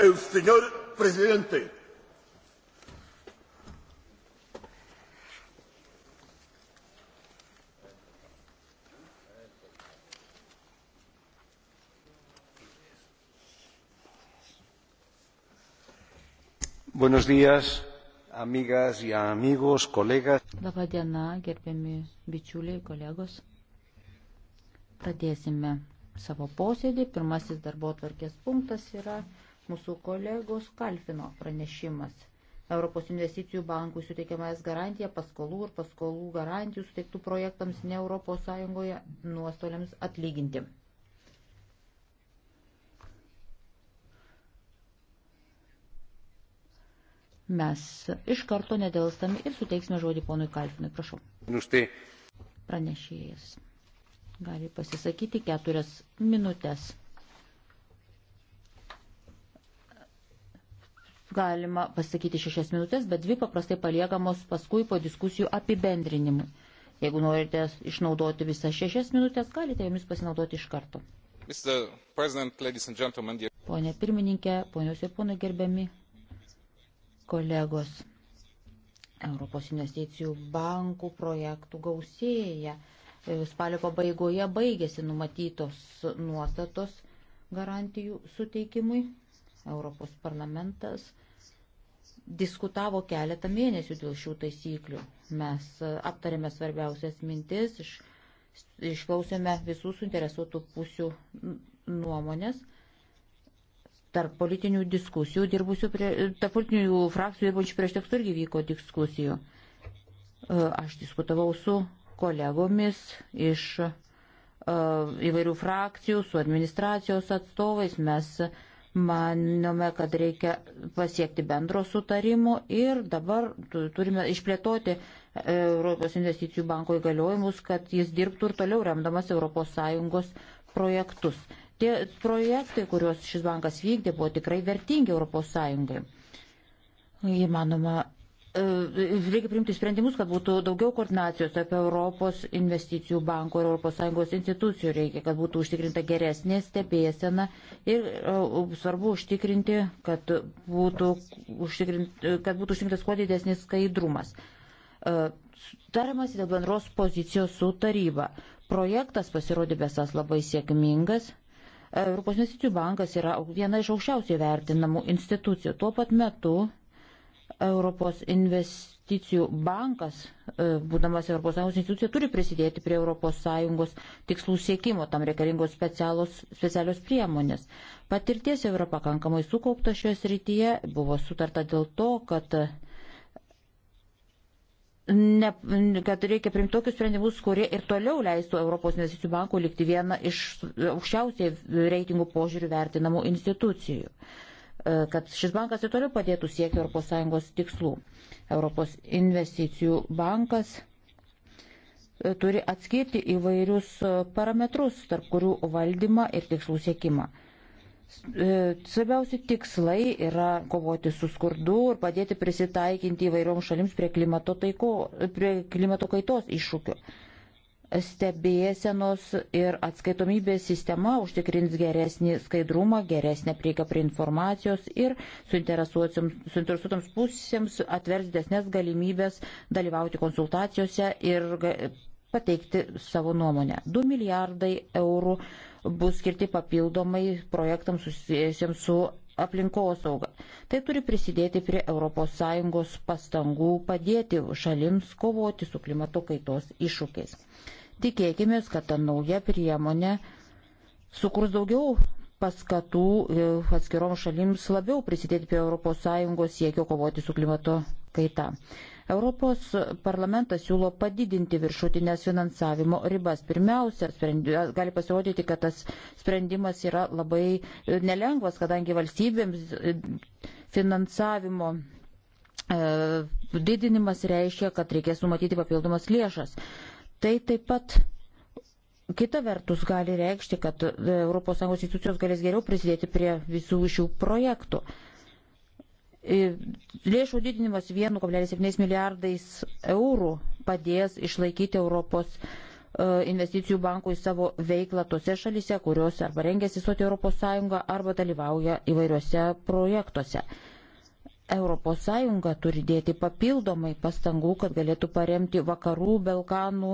El señor presidente. Buenos días, amigas y amigos, kolegas. Labą dieną, gerbiami bičiuliai, kolegos. Pradėsime savo posėdį. Pirmasis darbo tvarkės punktas yra mūsų kolegos Kalfino pranešimas. Europos investicijų bankų suteikiamas garantija paskolų ir paskolų garantijų suteiktų projektams ne ES nuostoliams atlyginti. Mes iš karto nedėlstami ir suteiksime žodį ponui Kalfinui. Prašau. Nuštai. Pranešėjas. Gali pasisakyti keturias minutės. galima pasakyti šešias minutės, bet dvi paprastai paliekamos paskui po diskusijų apibendrinimui. Jeigu norite išnaudoti visas šešias minutės, galite jomis pasinaudoti iš karto. Pone pirmininkė, ponios ir ponai gerbiami kolegos, Europos investicijų bankų projektų gausėja. E, spalio pabaigoje baigėsi numatytos nuostatos garantijų suteikimui. Europos parlamentas diskutavo keletą mėnesių dėl šių taisyklių. Mes e, aptarėme svarbiausias mintis, iš, išklausėme visų suinteresuotų pusių nuomonės. Tarp politinių diskusijų, dirbusių prie, e, tarp politinių frakcijų dirbančių prieš tekstų irgi vyko diskusijų. E, aš diskutavau su kolegomis iš įvairių frakcijų, su administracijos atstovais. Mes Manome, kad reikia pasiekti bendro sutarimo ir dabar turime išplėtoti e, Europos investicijų banko įgaliojimus, kad jis dirbtų ir toliau remdamas ES projektus. Tie projektai, kuriuos šis bankas vykdė, buvo tikrai vertingi ES. Įmanoma, E, reikia priimti sprendimus, kad būtų daugiau koordinacijos apie Europos investicijų banko ir ES institucijų. Reikia, kad būtų užtikrinta geresnė stebėsena ir e, svarbu užtikrinti, kad būtų, užtikrinti, kad būtų užtikrintas kuo didesnis skaidrumas. E, Tariamas dėl bendros pozicijos su taryba. Projektas pasirodė besas labai sėkmingas. Europos investicijų bankas yra viena iš aukščiausiai vertinamų institucijų. Tuo pat metu Europos investicijų bankas, e, būdamas ES institucija, turi prisidėti prie ES tikslų siekimo, tam reikalingos specialios, specialios priemonės. Patirties jau yra pakankamai sukaupta šioje srityje, buvo sutarta dėl to, kad, ne, kad reikia primti tokius sprendimus, kurie ir toliau leistų Europos investicijų bankų likti vieną iš aukščiausiai reitingų požiūrių vertinamų institucijų. Uh, E, kad šis bankas ir toliau padėtų siekti ES tikslų. Europos investicijų bankas e, turi atskirti įvairius e, parametrus, tarp kurių valdymą ir tikslų siekimą. Svarbiausi tikslai yra kovoti su skurdu ir padėti prisitaikinti įvairioms šalims prie klimato, taiko, prie klimato kaitos iššūkių stebėsenos ir atskaitomybės sistema užtikrins geresnį skaidrumą, geresnę prieigą prie informacijos ir suinteresuotams pusėms atvers desnės galimybės dalyvauti konsultacijose ir pateikti savo nuomonę. 2 milijardai eurų bus skirti papildomai projektams susijusiems su aplinkosaugą. Tai turi prisidėti prie ES pastangų padėti šalims kovoti su klimato kaitos iššūkiais. Tikėkime, kad ta nauja priemonė sukurs daugiau paskatų e, atskiroms šalims labiau prisidėti prie ES siekio kovoti su klimato kaita. Europos parlamentas siūlo padidinti viršutinės finansavimo ribas. Pirmiausia, gali pasirodyti, kad tas sprendimas yra labai e, nelengvas, kadangi valstybėms e, finansavimo e, didinimas reiškia, kad reikės numatyti papildomas lėšas. Tai taip pat kita vertus gali reikšti, kad ES institucijos galės geriau prisidėti prie visų šių projektų. E, lėšų didinimas 1,7 milijardais eurų padės išlaikyti Europos e, investicijų bankui savo veiklą tose šalise, kurios arba rengiasi stoti Europos Sąjungą, arba dalyvauja įvairiuose projektuose. Europos Sąjunga turi dėti papildomai pastangų, kad galėtų paremti vakarų Balkanų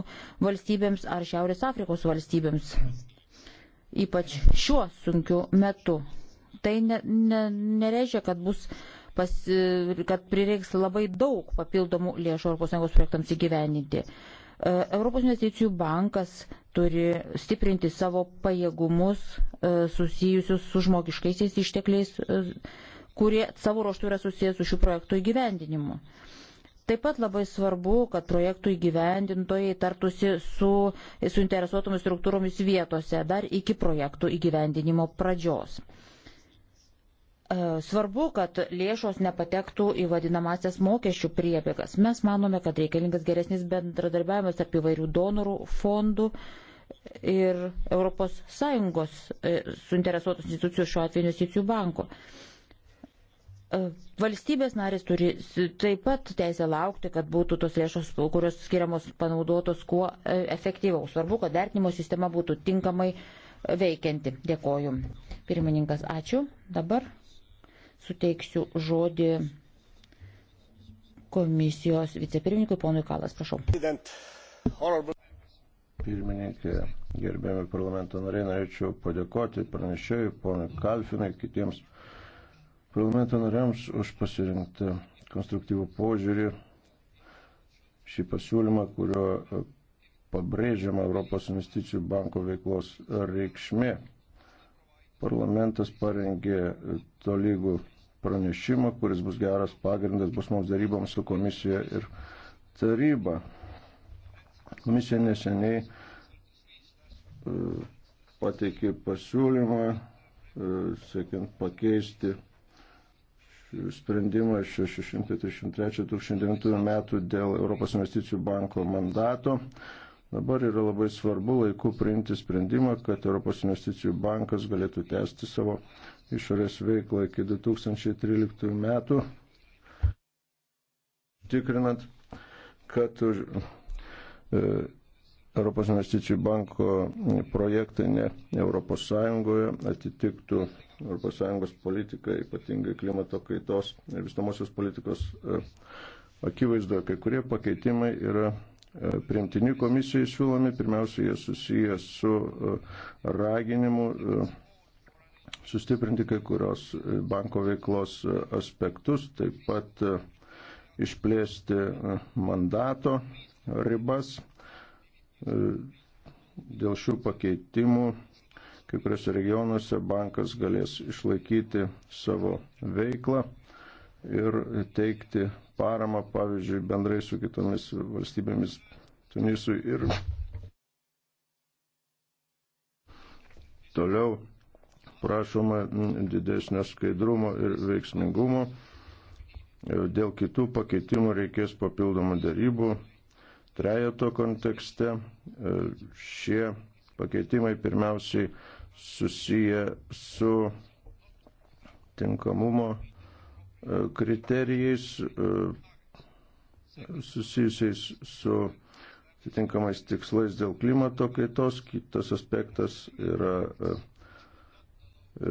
valstybėms ar Šiaurės Afrikos valstybėms, ypač šiuo sunkiu metu. Tai ne, ne, nereiškia, kad bus pasi, kad prireiks labai daug papildomų lėšų ES projektams įgyveninti. E, Europos investicijų bankas turi stiprinti savo pajėgumus e, susijusius su žmogiškaisiais ištekliais, e, kurie savo ruoštų yra susijęs su šių projektų įgyvendinimu. Taip pat labai svarbu, kad projektų įgyvendintojai tartusi su suinteresuotomis struktūromis vietose dar iki projektų įgyvendinimo pradžios. E, svarbu, kad lėšos nepatektų į vadinamasias mokesčių priebėgas. Mes manome, kad reikalingas geresnis bendradarbiavimas apie vairių donorų fondų ir ES e, suinteresuotos institucijų šiuo atveju investicijų banko. E, valstybės narės turi taip pat teisę laukti, kad būtų tos lėšos, kurios skiriamos panaudotos kuo efektyviau. Svarbu, kad vertinimo sistema būtų tinkamai veikianti. Dėkoju. Pirmininkas, ačiū. Dabar suteiksiu žodį komisijos vicepirmininkui ponui Kalas. Prašau. Pirmininkė, gerbėmi parlamento nariai, norėčiau padėkoti pranešėjui, ponui Kalfinai, kitiems parlamento nariams už pasirinktą konstruktyvų požiūrį šį pasiūlymą, kurio pabrėžiama Europos investicijų banko veiklos reikšmė. Parlamentas parengė tolygų pranešimą, kuris bus geras pagrindas bus mums daryboms su komisija ir taryba. Komisija neseniai e, pateikė pasiūlymą, e, siekiant pakeisti sprendimą 633-2009 metų dėl Europos investicijų banko mandato. Dabar yra labai svarbu laiku priimti sprendimą, kad Europos investicijų bankas galėtų tęsti savo išorės veiklą iki 2013 metų, tikrinant, kad už e, Europos investicijų banko projektai ne Europos Sąjungoje atitiktų Europos Sąjungos politiką, ypatingai klimato kaitos ir vystamosios politikos e, akivaizdoje. Kai kurie pakeitimai yra e, priimtini komisijai siūlomi, pirmiausia, jie susijęs su raginimu sustiprinti kai kurios e, banko veiklos e, aspektus, taip pat e, išplėsti mandato ribas. Dėl šių pakeitimų kai kuriuose regionuose bankas galės išlaikyti savo veiklą ir teikti paramą, pavyzdžiui, bendrai su kitomis valstybėmis Tunisui ir toliau prašoma didesnio skaidrumo ir veiksmingumo. E, dėl kitų pakeitimų reikės papildomų darybų. Trejato kontekste e, šie pakeitimai pirmiausiai susiję su tinkamumo e, kriterijais susijusiais su atitinkamais tikslais dėl klimato kaitos. Kitas aspektas yra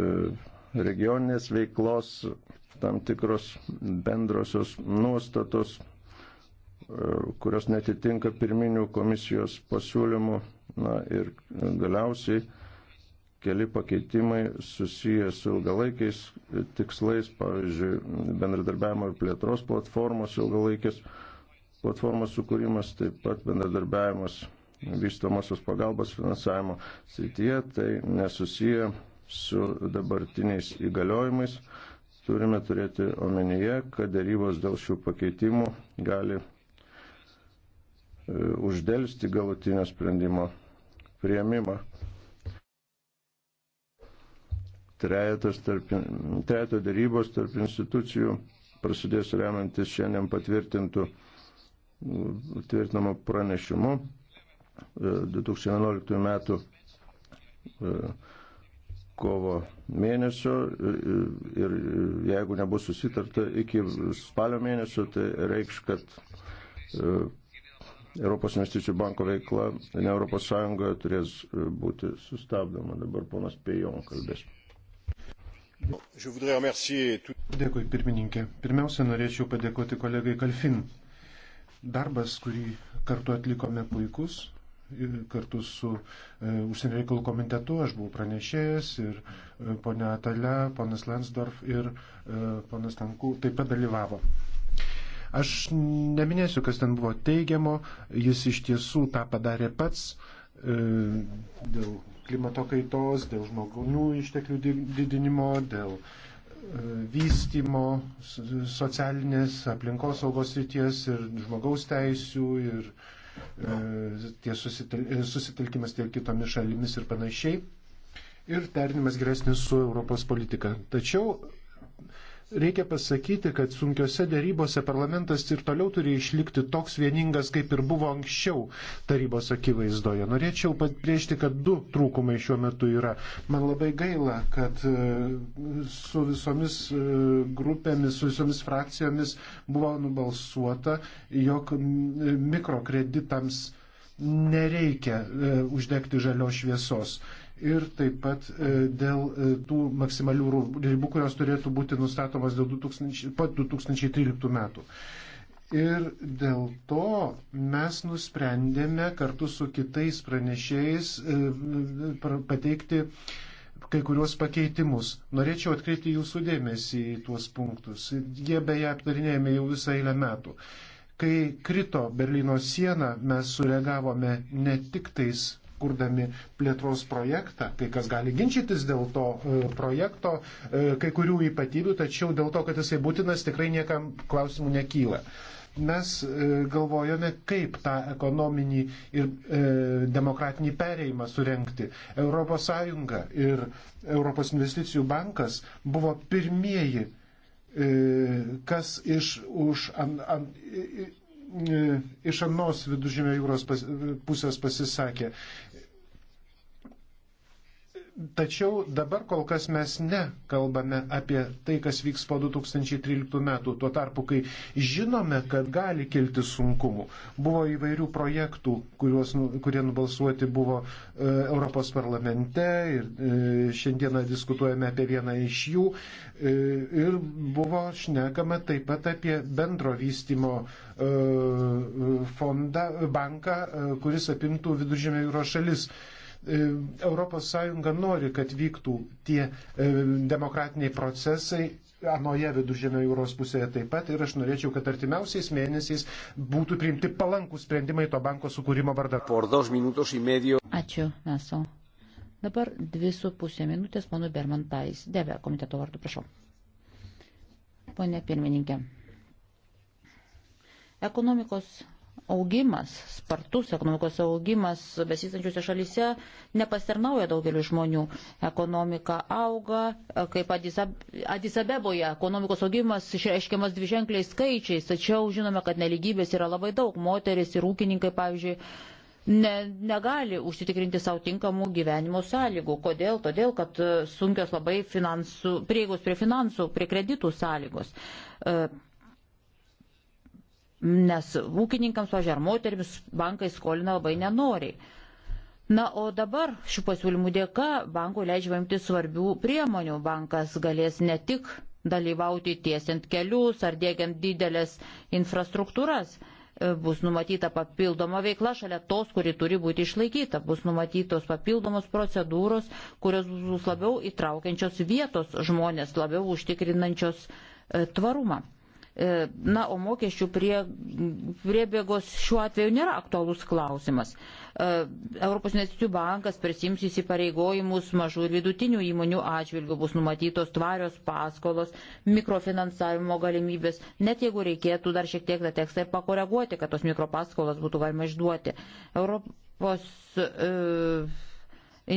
E, regioninės veiklos tam tikros bendrosios nuostatos, e, kurios netitinka pirminių komisijos pasiūlymų. Na ir galiausiai keli pakeitimai susiję su ilgalaikiais tikslais, pavyzdžiui, bendradarbiavimo ir plėtros platformos ilgalaikis platformos sukūrimas, taip pat bendradarbiavimas vystomosios pagalbos finansavimo srityje, tai nesusiję su dabartiniais įgaliojimais, turime turėti omenyje, kad darybos dėl šių pakeitimų gali e, uždėlsti galutinio sprendimo prieimimą. Trejato darybos tarp institucijų prasidės remiantis šiandien patvirtintų tvirtinamo pranešimu 2011 e, metų e, kovo mėnesio ir jeigu nebus susitarta iki spalio mėnesio, tai reikš, kad e, Europos investicijų banko veikla ne Europos Sąjungoje turės būti sustabdoma. Dabar ponas Pejon kalbės. Dėkui, pirmininkė. Pirmiausia, norėčiau padėkoti kolegai Kalfin. Darbas, kurį kartu atlikome puikus, kartu su e, užsienio reikalų komitetu, aš buvau pranešėjęs ir e, ponia Atale, ponas Lensdorf ir e, ponas Tankų taip pat dalyvavo. Aš neminėsiu, kas ten buvo teigiamo, jis iš tiesų tą padarė pats dėl klimato kaitos, dėl žmogonių išteklių didinimo, dėl vystimo, socialinės, aplinkosaugos ryties ir žmogaus teisių ir uh, E, ties e, susitelkimas tiek kitomis šalimis ir panašiai. Ir derinimas geresnis su Europos politika. Tačiau Reikia pasakyti, kad sunkiose dėrybose parlamentas ir toliau turi išlikti toks vieningas, kaip ir buvo anksčiau tarybos akivaizdoje. Norėčiau pabrėžti, kad du trūkumai šiuo metu yra. Man labai gaila, kad e, su visomis e, grupėmis, su visomis frakcijomis buvo nubalsuota, jog mikrokreditams nereikia e, uždegti žalios šviesos ir taip pat e, dėl e, tų maksimalių ribų, kurios turėtų būti nustatomas 2000, pat 2013 metų. Ir dėl to mes nusprendėme kartu su kitais pranešėjais e, pateikti kai kurios pakeitimus. Norėčiau atkreipti jūsų dėmesį į tuos punktus. Jie beje aptarinėjame jau visą eilę metų. Kai krito Berlyno siena, mes sureagavome ne tik tais kurdami plėtros projektą. Kai kas gali ginčytis dėl to e, projekto, e, kai kurių ypatybių, tačiau dėl to, kad jisai būtinas, tikrai niekam klausimų nekyla. Mes e, galvojome, kaip tą ekonominį ir e, demokratinį perėjimą surenkti. ES ir Europos investicijų bankas buvo pirmieji kas iš, už, an, an, iš anos viduržėmio jūros pas, pusės pasisakė. Tačiau dabar kol kas mes nekalbame apie tai, kas vyks po 2013 metų, tuo tarpu, kai žinome, kad gali kilti sunkumų. Buvo įvairių projektų, kuriuos, nu, kurie nubalsuoti buvo e, Europos parlamente ir e, šiandieną diskutuojame apie vieną iš jų. E, ir buvo šnekama taip pat apie bendro vystimo e, fondą, banką, e, kuris apimtų viduržėmio jūros šalis. E, ES nori, kad vyktų tie e, demokratiniai procesai anoje viduržėmio jūros pusėje taip pat ir aš norėčiau, kad artimiausiais mėnesiais būtų priimti palankų sprendimai to banko sukūrimo vardą. Ačiū, Neso. Dabar dvi su pusė minutės, mano Bermantais. Dėvė komiteto vardu, prašau. Pone pirmininkė. Ekonomikos augimas, spartus ekonomikos augimas besistančiuose šalyse nepastarnauja daugeliu žmonių. Ekonomika auga, kaip Adisabeboje ekonomikos augimas išreiškiamas dviženkliais skaičiais, tačiau žinome, kad neligybės yra labai daug. Moteris ir ūkininkai, pavyzdžiui, ne, negali užsitikrinti savo tinkamų gyvenimo sąlygų. Kodėl? Todėl, kad sunkios labai finansų, prieigos prie finansų, prie kreditų sąlygos. E, nes ūkininkams, pažiūrėjau, ar moteriams bankai skolina labai nenoriai. Na, o dabar šių pasiūlymų dėka bankų leidžiama imti svarbių priemonių. Bankas galės ne tik dalyvauti tiesiant kelius ar dėgiant didelės infrastruktūras. E, bus numatyta papildoma veikla šalia tos, kuri turi būti išlaikyta. Bus numatytos papildomos procedūros, kurios bus labiau įtraukiančios vietos žmonės, labiau užtikrinančios e, tvarumą. E, na, o mokesčių prie, priebėgos šiuo atveju nėra aktualus klausimas. E, Europos investicijų bankas prisims įsipareigojimus mažų ir vidutinių įmonių atžvilgių, bus numatytos tvarios paskolos, mikrofinansavimo galimybės, net jeigu reikėtų dar šiek tiek tą tekstą ir pakoreguoti, kad tos mikropaskolas būtų galima išduoti. Europos e,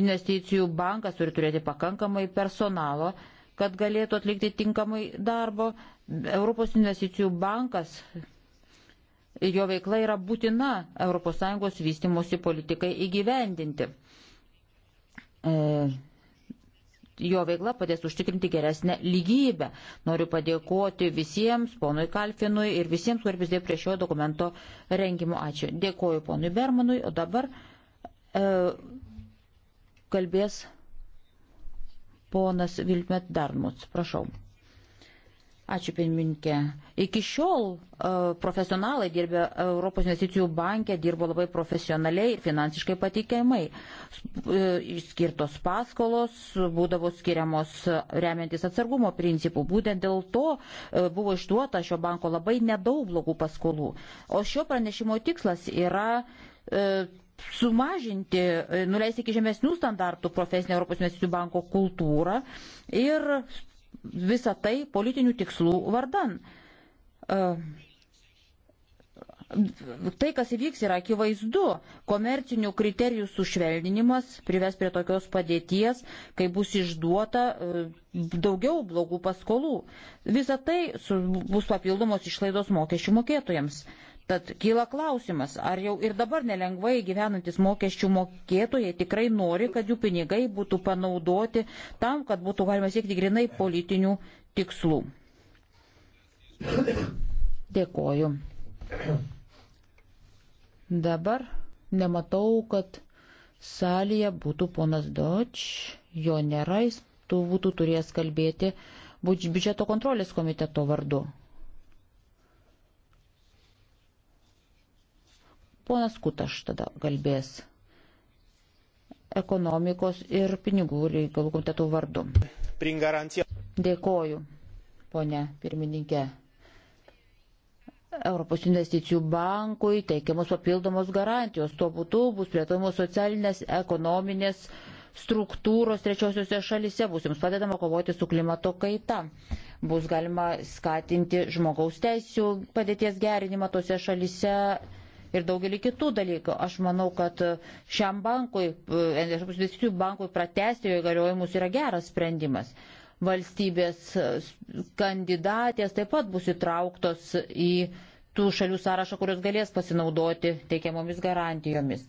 investicijų bankas turi turėti pakankamai personalo, kad galėtų atlikti tinkamai darbo Europos investicijų bankas, jo veikla yra būtina ES vystimosi politikai įgyvendinti. E, jo veikla padės užtikrinti geresnę lygybę. Noriu padėkoti visiems, ponui Kalfinui ir visiems, kurie prisidėjo prie šio dokumento rengimo. Ačiū. Dėkoju ponui Bermanui, o dabar e, kalbės ponas Vilmet Darmuts. Prašau. Ačiū, pirmininkė. Iki šiol uh, profesionalai dirbę Europos investicijų bankė dirbo labai profesionaliai ir finansiškai patikimai. E, išskirtos paskolos būdavo skiriamos remiantis atsargumo principų. Būtent dėl to uh, buvo išduota šio banko labai nedaug blogų paskolų. O šio pranešimo tikslas yra. Uh, sumažinti, nuleisti iki žemesnių standartų profesinę Europos investicijų banko kultūrą ir visą tai politinių tikslų vardan. E, tai, kas įvyks, yra akivaizdu. Komercinių kriterijų sušvelninimas prives prie tokios padėties, kai bus išduota e, daugiau blogų paskolų. Visa tai bus papildomos išlaidos mokesčių mokėtojams. Tad kyla klausimas, ar jau ir dabar nelengvai gyvenantis mokesčių mokėtojai tikrai nori, kad jų pinigai būtų panaudoti tam, kad būtų galima siekti grinai politinių tikslų. Dėkoju. Dabar nematau, kad salėje būtų ponas Doč, jo nėra, jis tu būtų turėjęs kalbėti biudžeto kontrolės komiteto vardu. Ponas Kutaš tada kalbės ekonomikos ir pinigų reikalų komitetų vardu. Dėkoju, ponė pirmininkė. Europos investicijų bankui teikiamos papildomos garantijos. Tuo būtų bus plėtojamos socialinės, ekonominės struktūros trečiosiuose šalise, bus jums padedama kovoti su klimato kaita, bus galima skatinti žmogaus teisų padėties gerinimą tose šalise ir daugelį kitų dalykų. Aš manau, kad šiam bankui, e, investicijų bankui pratesti jo įgaliojimus yra geras sprendimas. Valstybės e, kandidatės taip pat bus įtrauktos į tų šalių sąrašą, kurios galės pasinaudoti teikiamomis garantijomis.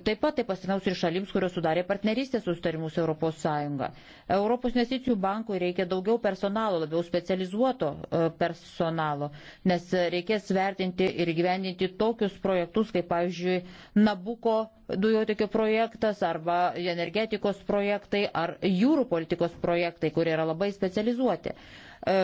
Taip pat tai pasinaus ir šalims, kurios sudarė partnerystės sustarimus ES. Europos investicijų bankui reikia daugiau personalo, labiau specializuoto e, personalo, nes reikės vertinti ir gyvendinti tokius projektus, kaip pavyzdžiui Nabuko dujotikio projektas arba energetikos projektai ar jūrų politikos projektai, kurie yra labai specializuoti. E,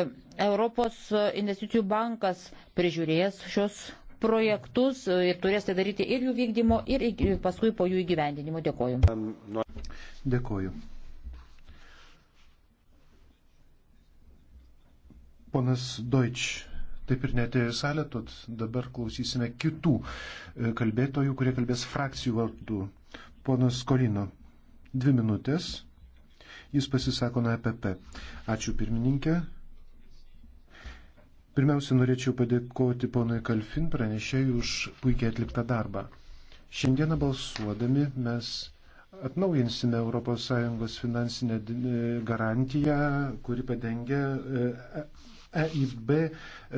Europos investicijų bankas prižiūrės šios projektus e, ir turės tai daryti ir jų vykdymo, ir paskui po jų įgyvendinimo. Dėkoju. Dėkoju. Ponas Deutsch taip ir netėjo į salę, tad dabar klausysime kitų e, kalbėtojų, kurie kalbės frakcijų vardu. Ponas Kolino, dvi minutės. Jis pasisako na EPP. Ačiū pirmininkė, Pirmiausia, norėčiau padėkoti ponui Kalfin pranešėjui už puikiai atliktą darbą. Šiandieną balsuodami mes atnaujinsime ES finansinę e, garantiją, kuri padengia EIB e-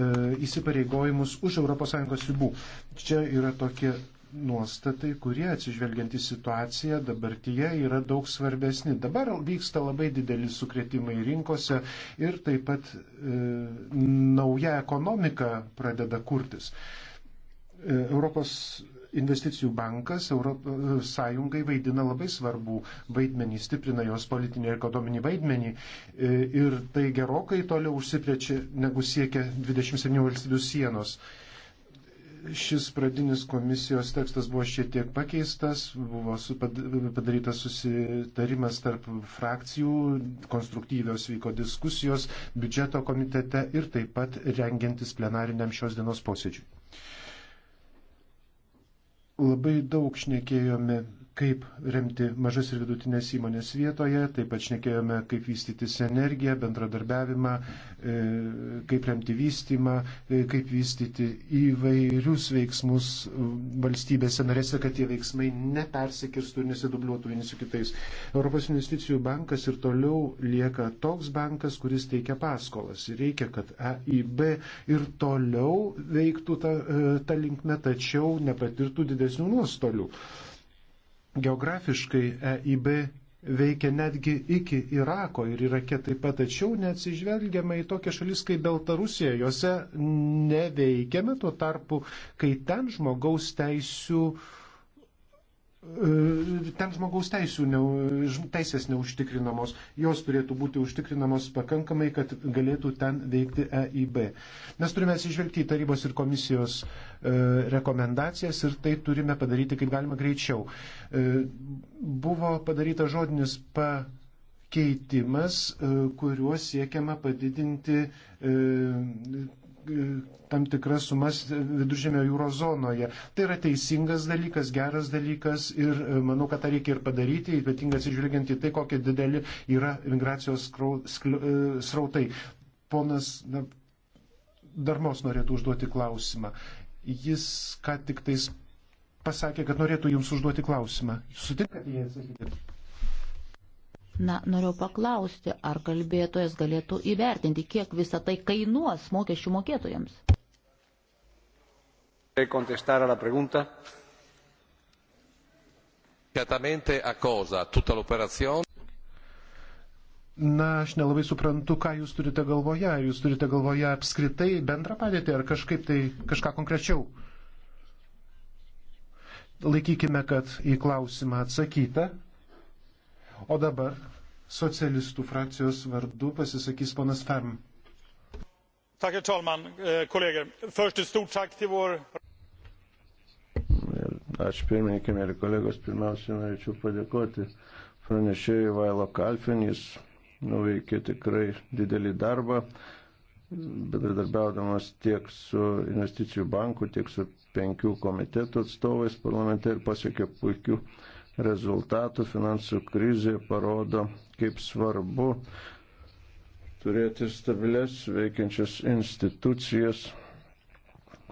e įsipareigojimus už ES ribų. Čia yra tokie nuostatai, kurie atsižvelgiant į situaciją dabartyje yra daug svarbesni. Dabar vyksta labai dideli sukretimai rinkose ir taip pat e, nauja ekonomika pradeda kurtis. E, Europos investicijų bankas Europos Sąjungai vaidina labai svarbų vaidmenį, stiprina jos politinį ir ekonominį vaidmenį e, ir tai gerokai toliau užsiprečia negu siekia 27 valstybių sienos. E, Šis pradinis komisijos tekstas buvo šiek tiek pakeistas, buvo padarytas susitarimas tarp frakcijų, konstruktyvios vyko diskusijos biudžeto komitete ir taip pat rengiantis plenariniam šios dienos posėdžiui. Labai daug šnekėjome kaip remti mažas ir vidutinės įmonės vietoje, taip pat šnekėjome, kaip vystyti sinergiją, bendradarbiavimą, e, kaip remti vystymą, e, kaip vystyti įvairius veiksmus valstybėse narėse, kad tie veiksmai nepersikirstų ir nesidubliuotų vieni su kitais. Europos investicijų bankas ir toliau lieka toks bankas, kuris teikia paskolas. Ir reikia, kad EIB ir toliau veiktų tą, e, tą linkmę, tačiau nepatirtų didesnių nuostolių. Uh, Geografiškai EIB veikia netgi iki Irako ir Irake taip pat, tačiau neatsižvelgiame į tokias šalis kaip Baltarusija, juose neveikiame tuo tarpu, kai ten žmogaus teisų uh, E, ten žmogaus teisų, ne, teisės neužtikrinamos, jos turėtų būti užtikrinamos pakankamai, kad galėtų ten veikti EIB. Mes turime atsižvelgti į tarybos ir komisijos e, rekomendacijas ir tai turime padaryti kaip galima greičiau. E, buvo padaryta žodinis pakeitimas, e, kuriuo siekiama padidinti e, tam tikras sumas viduržėmio jūros zonoje. Tai yra teisingas dalykas, geras dalykas ir e, manau, kad tą reikia ir padaryti, ypatingai atsižvelgiant į tai, kokie dideli yra migracijos e, srautai. Ponas na, Darmos norėtų užduoti klausimą. Jis ką tik tais pasakė, kad norėtų jums užduoti klausimą. Sutinkate jį atsakyti? Na, noriu paklausti, ar kalbėtojas galėtų įvertinti, kiek visą tai kainuos mokesčių mokėtojams? Na, aš nelabai suprantu, ką jūs turite galvoje. Jūs turite galvoje apskritai bendrą padėtį ar kažkaip tai kažką konkrečiau? Laikykime, kad į klausimą atsakyta. O dabar socialistų frakcijos vardu pasisakys ponas Ferm. Herr talman, eh, kolleger. Först ett stort tack till vår. Ačiū pirmininkai, mėly kolegos. Pirmiausia, norėčiau padėkoti pranešėjai Vailo Kalfin. Jis nuveikė tikrai didelį darbą, bendradarbiaudamas tiek su investicijų banku, tiek su penkių komitetų atstovais parlamente ir pasiekė puikių rezultatų. Finansų krizė parodo, kaip svarbu turėti stabilės veikiančias institucijas,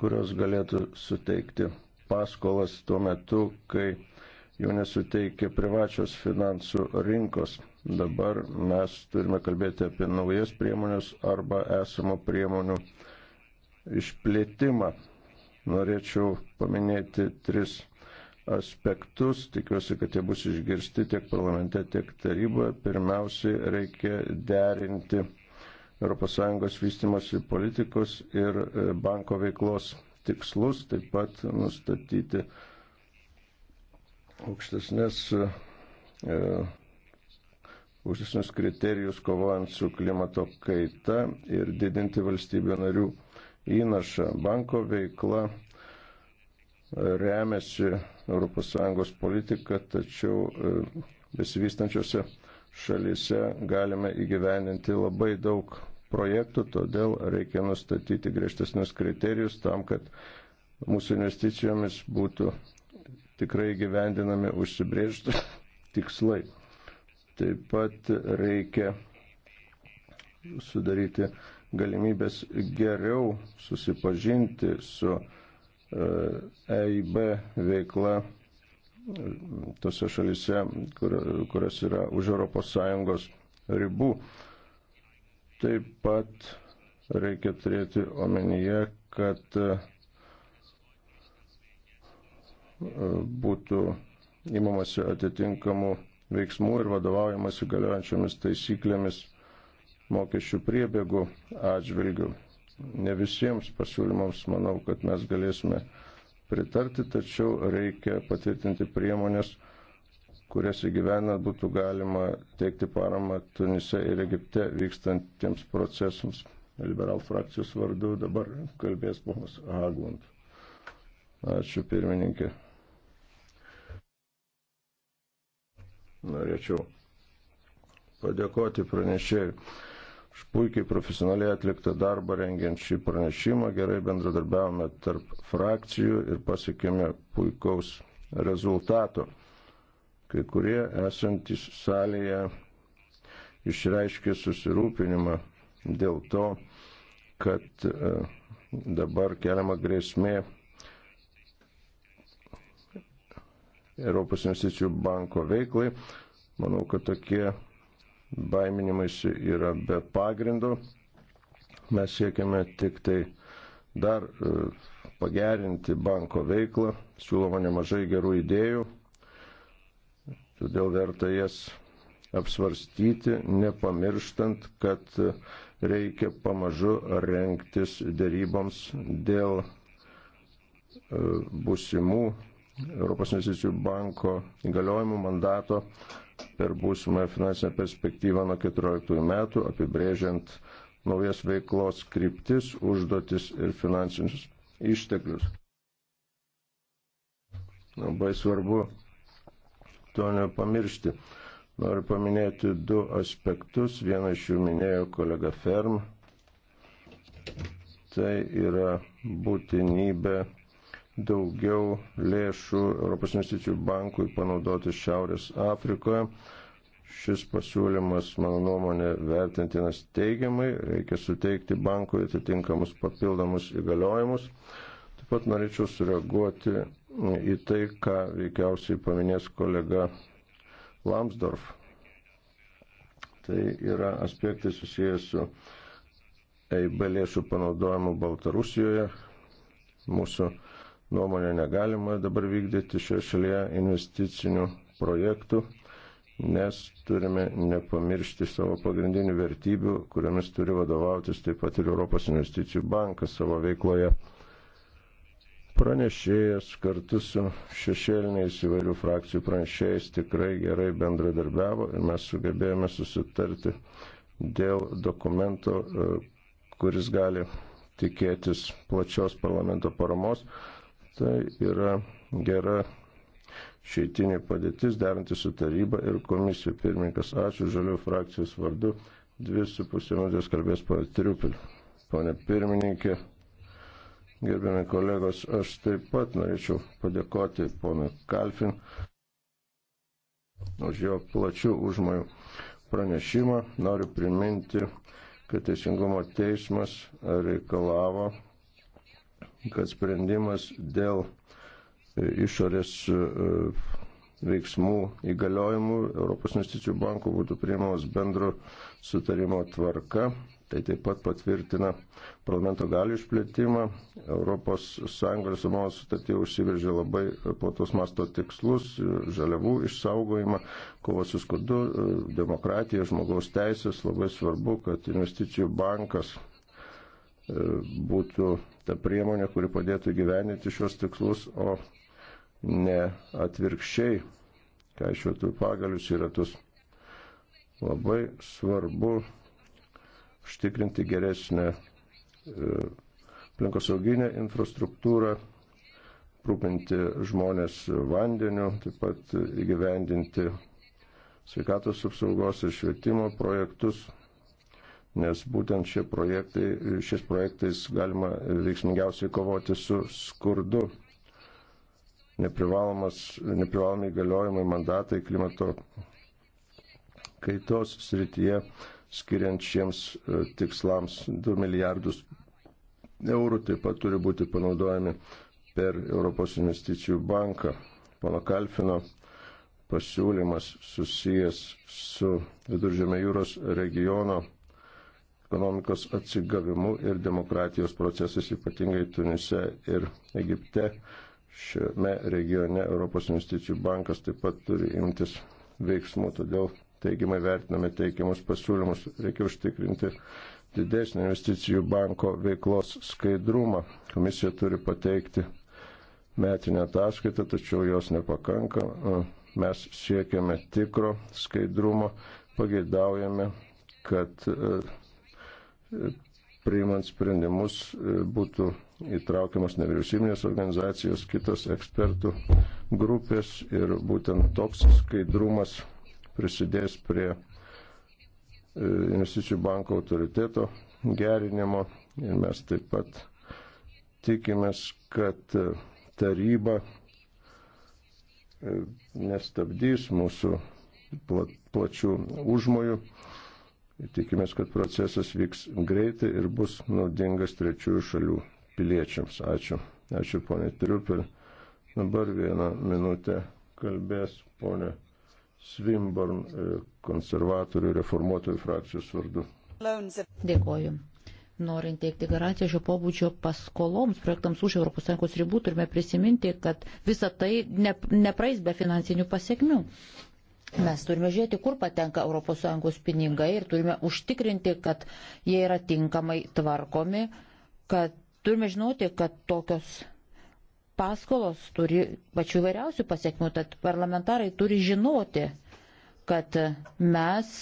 kurios galėtų suteikti paskolas tuo metu, kai jų nesuteikia privačios finansų rinkos. Dabar mes turime kalbėti apie naujas priemonės arba esamų priemonių išplėtimą. Norėčiau paminėti tris aspektus. Tikiuosi, kad jie bus išgirsti tiek parlamente, tiek taryboje. Pirmiausiai reikia derinti ES vystimosi politikos ir e, banko veiklos tikslus, taip pat nustatyti aukštesnės, e, e, aukštesnius kriterijus kovojant su klimato kaita ir didinti valstybių narių įnašą. Banko veikla remiasi ES politika, tačiau e, besivystančiose šalyse galime įgyveninti labai daug projektų, todėl reikia nustatyti griežtesnius kriterijus tam, kad mūsų investicijomis būtų tikrai gyvendinami užsibrėžti tikslai. Taip pat reikia sudaryti galimybės geriau susipažinti su EIB veikla tose šalise, kur, kurias yra už ES ribų. Taip pat reikia turėti omenyje, kad e, būtų įmamasi atitinkamų veiksmų ir vadovaujamasi galiojančiomis taisyklėmis mokesčių priebėgų atžvilgių ne visiems pasiūlymams manau, kad mes galėsime pritarti, tačiau reikia patvirtinti priemonės, kurias įgyvenant būtų galima teikti paramą Tunise ir Egipte vykstantiems procesams. Liberal frakcijos vardu dabar kalbės ponas Haglund. Ačiū pirmininkė. Norėčiau padėkoti pranešėjui už puikiai profesionaliai atliktą darbą rengiant šį pranešimą. Gerai bendradarbiavome tarp frakcijų ir pasiekėme puikaus rezultato. Kai kurie esantys salėje išreiškė susirūpinimą dėl to, kad e, dabar keliama grėsmė Europos investicijų banko veiklai. Manau, kad tokie baiminimaisi yra be pagrindo. Mes siekiame tik tai dar e, pagerinti banko veiklą, siūloma nemažai gerų idėjų, todėl verta jas apsvarstyti, nepamirštant, kad e, reikia pamažu renktis dėryboms dėl e, būsimų Europos investicijų banko įgaliojimų mandato per būsimą finansinę perspektyvą nuo 14 metų, apibrėžiant naujas veiklos kryptis, užduotis ir finansinius išteklius. Labai svarbu to nepamiršti. Noriu paminėti du aspektus. Vieną iš jų minėjo kolega Ferm. Tai yra būtinybė daugiau lėšų Europos investicijų bankui panaudoti Šiaurės Afrikoje. Šis pasiūlymas, mano nuomonė, vertintinas teigiamai, reikia suteikti bankui atitinkamus papildomus įgaliojimus. Taip pat norėčiau sureaguoti į tai, ką veikiausiai paminės kolega Lamsdorf. Tai yra aspektai susijęs su EIB lėšų panaudojimu Baltarusijoje. Mūsų uh, nuomonė negalima dabar vykdyti šioje šalyje investicinių projektų, nes turime nepamiršti savo pagrindinių vertybių, kuriamis turi vadovautis taip pat ir Europos investicijų bankas savo veikloje. Pranešėjas kartu su šešėliniais įvairių frakcijų pranešėjais tikrai gerai bendradarbiavo ir mes sugebėjome susitarti dėl dokumento, e, kuris gali tikėtis plačios parlamento paramos tai yra gera šeitinė padėtis derantį su taryba ir komisija. Pirmininkas, ačiū žalių frakcijos vardu. Dvi su pusė minutės kalbės pana Triupilį. Pane pirmininkė, gerbiami kolegos, aš taip pat norėčiau padėkoti ponui Kalfin už jo plačių užmojų pranešimą. Noriu priminti, kad Teisingumo teismas reikalavo kad sprendimas dėl e, išorės e, veiksmų įgaliojimų Europos investicijų banko būtų priimamas bendro sutarimo tvarka. Tai taip pat patvirtina parlamento galių išplėtimą. Europos Sąjunga ir Samovo sutartė užsiveržė labai platos masto tikslus - žaliavų išsaugojimą, kovą su skurdu, e, demokratiją, žmogaus teisės. Labai svarbu, kad investicijų bankas būtų ta priemonė, kuri padėtų gyveninti šios tikslus, o ne atvirkščiai, kai šiuotų pagalius yra tus. Labai svarbu užtikrinti geresnę e, aplinkosauginę infrastruktūrą, rūpinti žmonės vandeniu, taip pat įgyvendinti sveikatos apsaugos ir švietimo projektus, nes būtent šie projektai, šiais projektais galima veiksmingiausiai kovoti su skurdu. Neprivalomi įgaliojimai, mandatai klimato kaitos srityje, skiriant šiems e, tikslams 2 milijardus eurų, taip pat turi būti panaudojami per Europos investicijų banką. Pono Kalfino pasiūlymas susijęs su Viduržėme jūros regiono ekonomikos atsigavimu ir demokratijos procesais, ypatingai Tunise ir Egipte. Šiame regione Europos investicijų bankas taip pat turi imtis veiksmų, todėl teigiamai vertiname teikiamus pasiūlymus. Reikia užtikrinti didesnį investicijų banko veiklos skaidrumą. Komisija turi pateikti metinę ataskaitą, tačiau jos nepakanka. Mes siekiame tikro skaidrumo, pageidaujame, kad priimant sprendimus e, būtų įtraukiamas nevyriausybinės organizacijos, kitos ekspertų grupės ir būtent toks skaidrumas prisidės prie e, investicijų banko autoriteto gerinimo ir mes taip pat tikimės, kad e, taryba nestabdys mūsų plačių užmojų Tikimės, kad procesas vyks greitai ir bus naudingas trečiųjų šalių piliečiams. Ačiū. Ačiū, ponė Triupel. Dabar vieną minutę kalbės ponė Svimborn, e, konservatorių reformuotojų frakcijos vardu. Dėkoju. Norint teikti garantiją šio pobūdžio paskoloms projektams už ES ribų, turime prisiminti, kad visa tai ne, nepraeis be finansinių pasiekmių. Mes turime žiūrėti, kur patenka ES pinigai ir turime užtikrinti, kad jie yra tinkamai tvarkomi, kad turime žinoti, kad tokios paskolos turi pačių vairiausių pasiekmių, tad parlamentarai turi žinoti, kad mes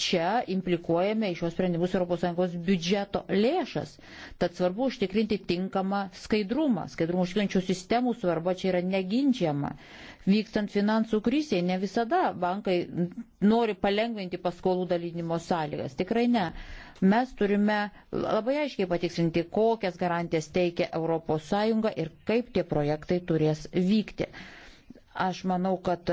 čia implikuojame į šios sprendimus ES biudžeto lėšas. Tad svarbu užtikrinti tinkamą skaidrumą. Skaidrumų užtikrinčių sistemų svarba čia yra neginčiama. Vykstant finansų krisiai, ne visada bankai nori palengventi paskolų dalinimo sąlygas. Tikrai ne. Mes turime labai aiškiai patikslinti, kokias garantijas teikia ES ir kaip tie projektai turės vykti. Aš manau, kad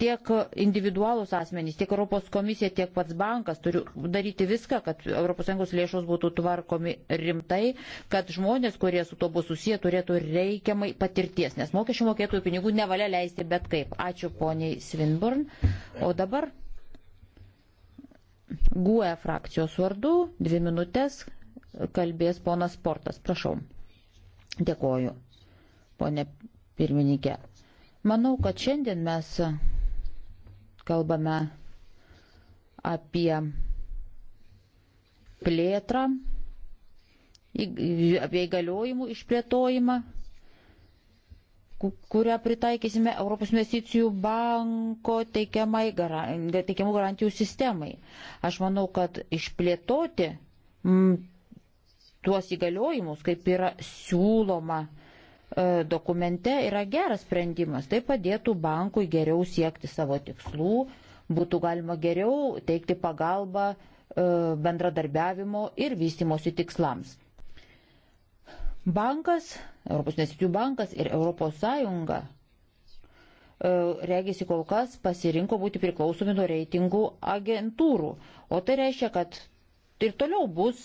Tiek individualus asmenys, tiek Europos komisija, tiek pats bankas turi daryti viską, kad ES lėšos būtų tvarkomi rimtai, kad žmonės, kurie su to bus susiję, turėtų reikiamai patirties, nes mokesčių mokėtojų pinigų nevalia leisti bet kaip. Ačiū poniai Svinburn. O dabar GUE frakcijos vardu dvi minutės kalbės ponas Portas. Prašau. Dėkoju, ponė pirmininkė. Manau, kad šiandien mes kalbame apie plėtrą, apie įgaliojimų išplėtojimą, kurią pritaikysime Europos investicijų banko teikiamų garantijų sistemai. Aš manau, kad išplėtoti m, tuos įgaliojimus, kaip yra siūloma E, dokumente yra geras sprendimas. Tai padėtų bankui geriau siekti savo tikslų, būtų galima geriau teikti pagalbą e, bendradarbiavimo ir vystimosi tikslams. Bankas, Europos investicijų bankas ir Europos Sąjunga e, regisi kol kas pasirinko būti priklausomi nuo reitingų agentūrų, o tai reiškia, kad ir toliau bus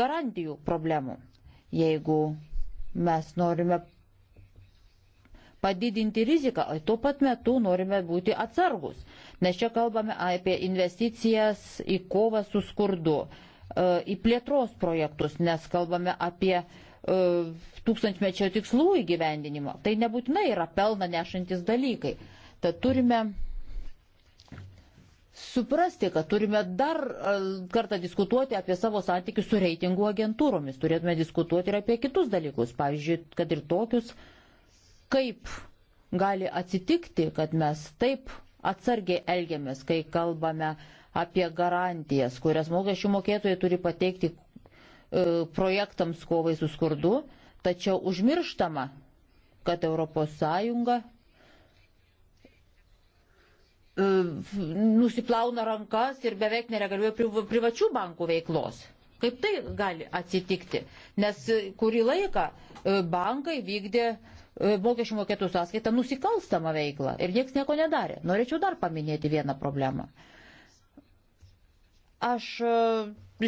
garantijų problemų. Jeigu Mes norime padidinti riziką, o tuo pat metu norime būti atsargus, nes čia kalbame apie investicijas į kovą su skurdu, e, į plėtros projektus, nes kalbame apie e, tūkstantmečio tikslų įgyvendinimą. Tai nebūtinai yra pelną nešantis dalykai. Tad turime suprasti, kad turime dar e, kartą diskutuoti apie savo santykius su reitingų agentūromis. Turėtume diskutuoti ir apie kitus dalykus. Pavyzdžiui, kad ir tokius, kaip gali atsitikti, kad mes taip atsargiai elgiamės, kai kalbame apie garantijas, kurias mokesčių mokėtojai turi pateikti e, projektams kovai su skurdu, tačiau užmirštama, kad ES E, nusiplauna rankas ir beveik nereguliuoja privačių bankų veiklos. Kaip tai gali atsitikti? Nes kurį laiką e, bankai vykdė e, mokesčių mokėtų sąskaitą nusikalstamą veiklą ir niekas nieko nedarė. Norėčiau dar paminėti vieną problemą. Aš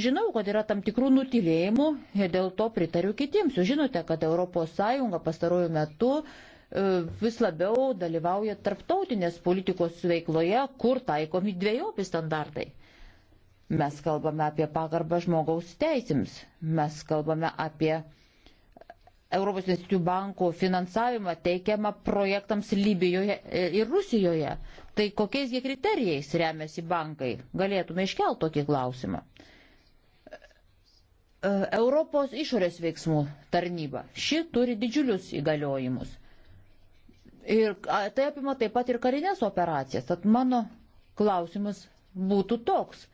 žinau, kad yra tam tikrų nutilėjimų ir dėl to pritariu kitiems. Jūs žinote, kad ES pastarojų metų uh, E, vis labiau dalyvauja tarptautinės politikos veikloje, kur taikomi dviejopi standartai. Mes kalbame apie pagarbą žmogaus teisėms, mes kalbame apie Europos investicijų bankų finansavimą teikiamą projektams Libijoje e, ir Rusijoje. Tai kokiais jie kriterijais remiasi bankai? Galėtume iškelti tokį klausimą. E, Europos išorės veiksmų tarnyba. Ši turi didžiulius įgaliojimus. Ir tai apima taip pat ir karinės operacijas. Tad mano klausimas būtų toks,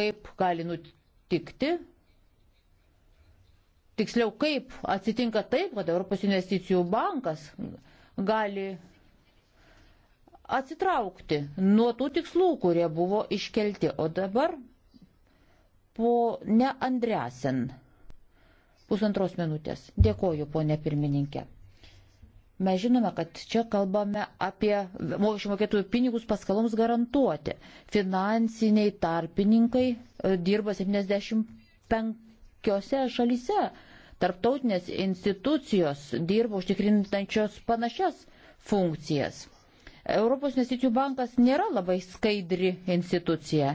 kaip gali nutikti, tiksliau kaip atsitinka taip, kad Europos investicijų bankas gali atsitraukti nuo tų tikslų, kurie buvo iškelti. O dabar po ne Andresen. Pusantros minutės. Dėkoju, ponė pirmininkė. Mes žinome, kad čia kalbame apie mokesčių mokėtojų pinigus paskaloms garantuoti. Finansiniai tarpininkai e, dirba 75 šalyse. Tarptautinės institucijos dirba užtikrintančios panašias funkcijas. Europos investicijų bankas nėra labai skaidri institucija.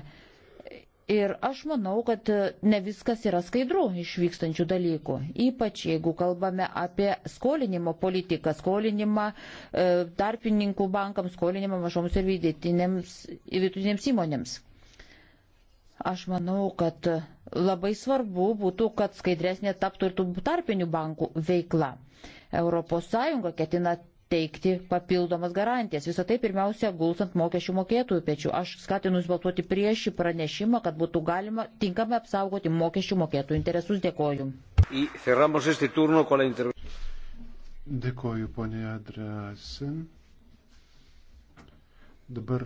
Ir aš manau, kad e, ne viskas yra skaidru išvykstančių dalykų, ypač jeigu kalbame apie skolinimo politiką, skolinimą e, tarpininkų bankams, skolinimą mažoms ir vidutinėms įmonėms. Aš manau, kad e, labai svarbu būtų, kad skaidresnė taptų ir tų tarpinių bankų veikla. ES ketina teikti papildomas garantijas. Visą tai pirmiausia gulsant mokesčių mokėtojų pečių. Aš skatinu jūs balsuoti prieš šį pranešimą, kad būtų galima tinkamai apsaugoti mokesčių mokėtojų interesus. Dėkoju. Dėkoju, ponė Adresin. Dabar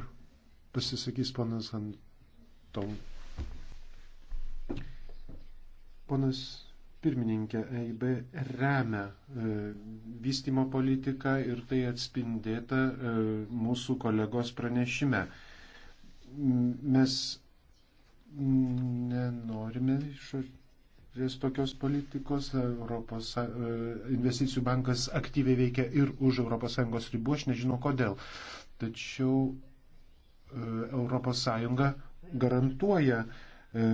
pasisakys ponas Anton. Ponas Pirmininkė, EIB remia e, vystimo politiką ir tai atspindėta e, mūsų kolegos pranešime. Mes nenorime iš tokios politikos. Europos e, investicijų bankas aktyviai veikia ir už ES ribų, aš nežinau kodėl. Tačiau e, ES garantuoja e,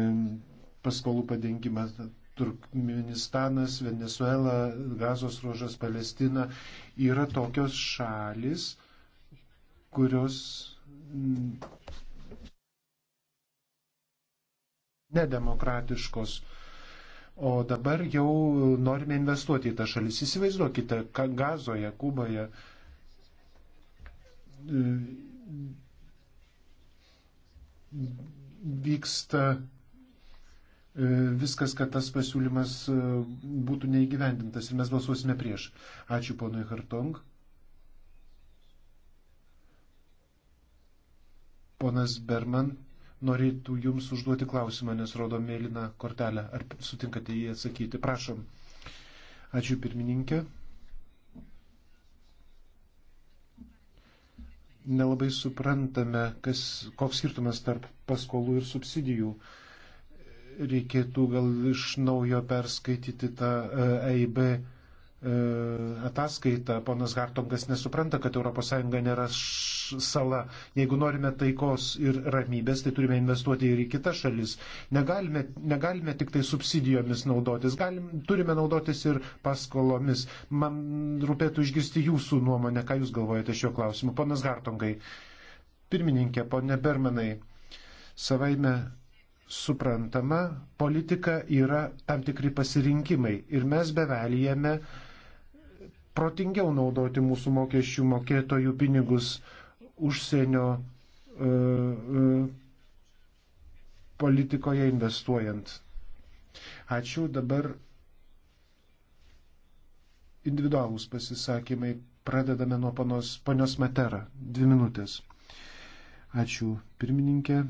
paskolų padengimą. Turkmenistanas, Venezuela, Gazos ruožas, Palestina yra tokios šalis, kurios nedemokratiškos. O dabar jau norime investuoti į tą šalis. Įsivaizduokite, Gazoje, Kuboje e, vyksta E, viskas, kad tas pasiūlymas e, būtų neįgyvendintas ir mes balsuosime prieš. Ačiū ponui Hartong. Ponas Berman norėtų Jums užduoti klausimą, nes rodo mėlyną kortelę. Ar sutinkate jį atsakyti? Prašom. Ačiū pirmininkė. Nelabai suprantame, kas, koks skirtumas tarp paskolų ir subsidijų. Uh, reikėtų gal iš naujo perskaityti tą EIB e e, ataskaitą. Ponas Hartongas nesupranta, kad ES nėra sala. Jeigu norime taikos ir ramybės, tai turime investuoti ir į kitas šalis. Negalime, negalime tik tai subsidijomis naudotis, galim, turime naudotis ir paskolomis. Man rūpėtų išgirsti jūsų nuomonę, ką jūs galvojate šiuo klausimu. Ponas Hartongai, pirmininkė, ponė Bermanai, savaime suprantama, politika yra tam tikri pasirinkimai ir mes bevelyjame protingiau naudoti mūsų mokesčių mokėtojų pinigus užsienio uh, politikoje investuojant. Ačiū dabar individualūs pasisakymai. Pradedame nuo panos, ponios Matera. Dvi minutės. Ačiū pirmininkė.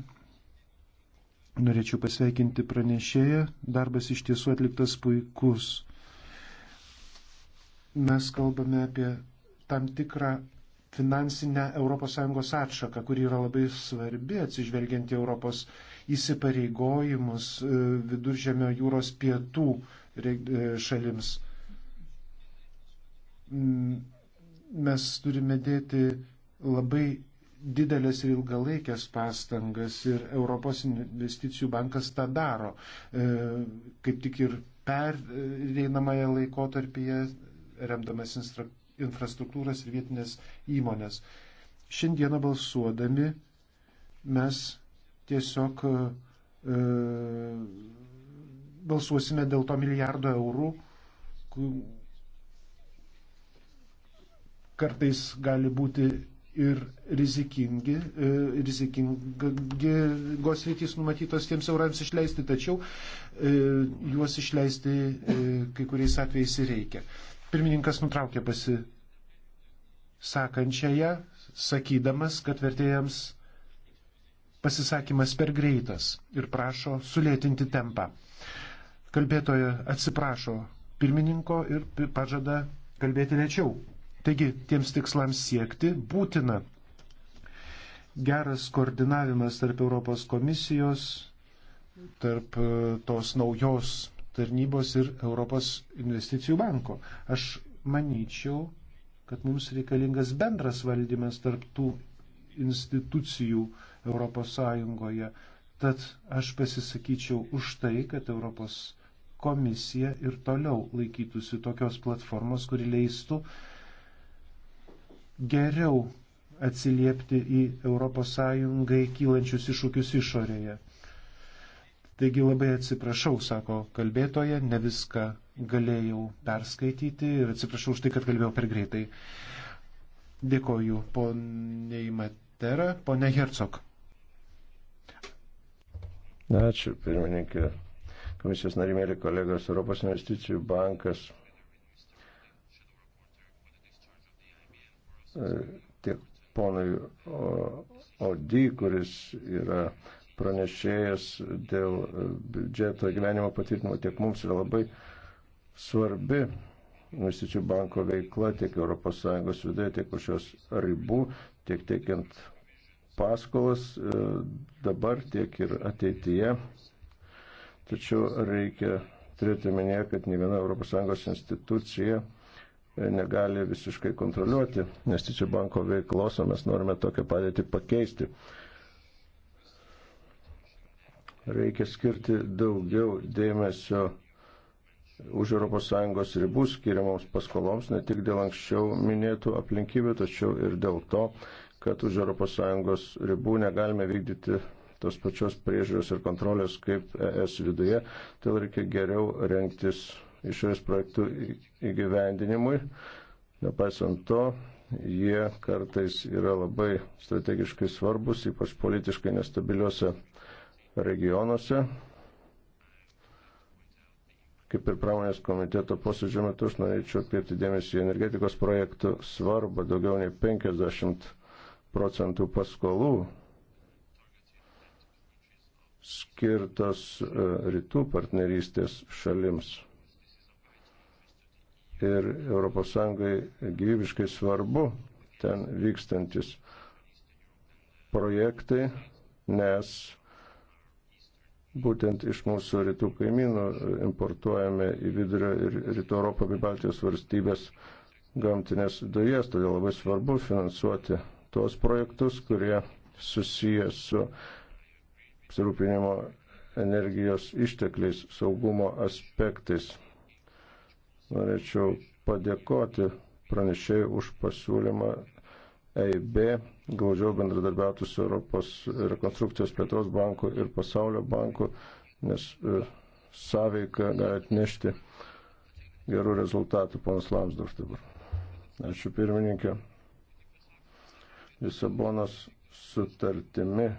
Norėčiau pasveikinti pranešėją. Darbas iš tiesų atliktas puikus. Mes kalbame apie tam tikrą finansinę ES atšaką, kuri yra labai svarbi atsižvelgiant į Europos įsipareigojimus e, viduržėmio jūros pietų e, šalims. Mes turime dėti labai didelės ir ilgalaikės pastangas ir Europos investicijų bankas tą daro. E, kaip tik ir pereinamąją laikotarpyje remdamas infrastruktūras ir vietinės įmonės. Šiandieną balsuodami mes tiesiog e, balsuosime dėl to milijardo eurų, kartais gali būti ir rizikingi, e, rizikingos rytys numatytos tiems eurams išleisti, tačiau e, juos išleisti e, kai kuriais atvejais ir reikia. Pirmininkas nutraukė pasisakančiąją, sakydamas, kad vertėjams pasisakymas per greitas ir prašo sulėtinti tempą. Kalbėtoja atsiprašo pirmininko ir pažada kalbėti lėčiau. Taigi tiems tikslams siekti būtina geras koordinavimas tarp Europos komisijos, tarp e, tos naujos tarnybos ir Europos investicijų banko. Aš manyčiau, kad mums reikalingas bendras valdymas tarp tų institucijų Europos Sąjungoje. Tad aš pasisakyčiau už tai, kad Europos komisija ir toliau laikytųsi tokios platformos, kuri leistų uh, geriau atsiliepti į ES kylančius iššūkius išorėje. Taigi labai atsiprašau, sako kalbėtoja, ne viską galėjau perskaityti ir atsiprašau už tai, kad kalbėjau per greitai. Dėkoju poniai Matera, ponia Hercog. Ačiū, pirmininkė. Komisijos narimėlė kolegos Europos investicijų bankas tiek ponui Odi, kuris yra pranešėjas dėl biudžeto gyvenimo patvirtinimo, tiek mums yra labai svarbi investicijų banko veikla tiek ES viduje, tiek už jos ribų, tiek teikiant paskolas e, dabar, tiek ir ateityje. Tačiau reikia turėti minėje, kad ne viena ES institucija negali visiškai kontroliuoti investicijų banko veiklos, o mes norime tokią padėtį pakeisti. Reikia skirti daugiau dėmesio už ES ribų skiriamoms paskoloms, ne tik dėl anksčiau minėtų aplinkybių, tačiau ir dėl to, kad už ES ribų negalime vykdyti tos pačios priežiūros ir kontrolės kaip ES viduje, todėl reikia geriau renktis išorės projektų įgyvendinimui. Nepaisant to, jie kartais yra labai strategiškai svarbus, ypač politiškai nestabiliuose regionuose. Kaip ir pramonės komiteto posėdžio metu, aš norėčiau atkreipti dėmesį į energetikos projektų svarbą. Daugiau nei 50 procentų paskolų skirtos e, rytų partnerystės šalims ir ES gyvybiškai svarbu ten vykstantis projektai, nes būtent iš mūsų rytų kaimynų importuojame į vidurio ir rytų Europą bei Baltijos valstybės gamtinės dujas, todėl labai svarbu finansuoti tuos projektus, kurie susiję su apsirūpinimo energijos ištekliais, saugumo aspektais. Norėčiau padėkoti pranešėjai už pasiūlymą EIB glaudžiau bendradarbiauti su Europos rekonstrukcijos plėtros banku ir pasaulio banku, nes e, sąveika gali atnešti gerų rezultatų, ponas Lamsdorf dabar. Ačiū pirmininkė. Lisabonos sutartimi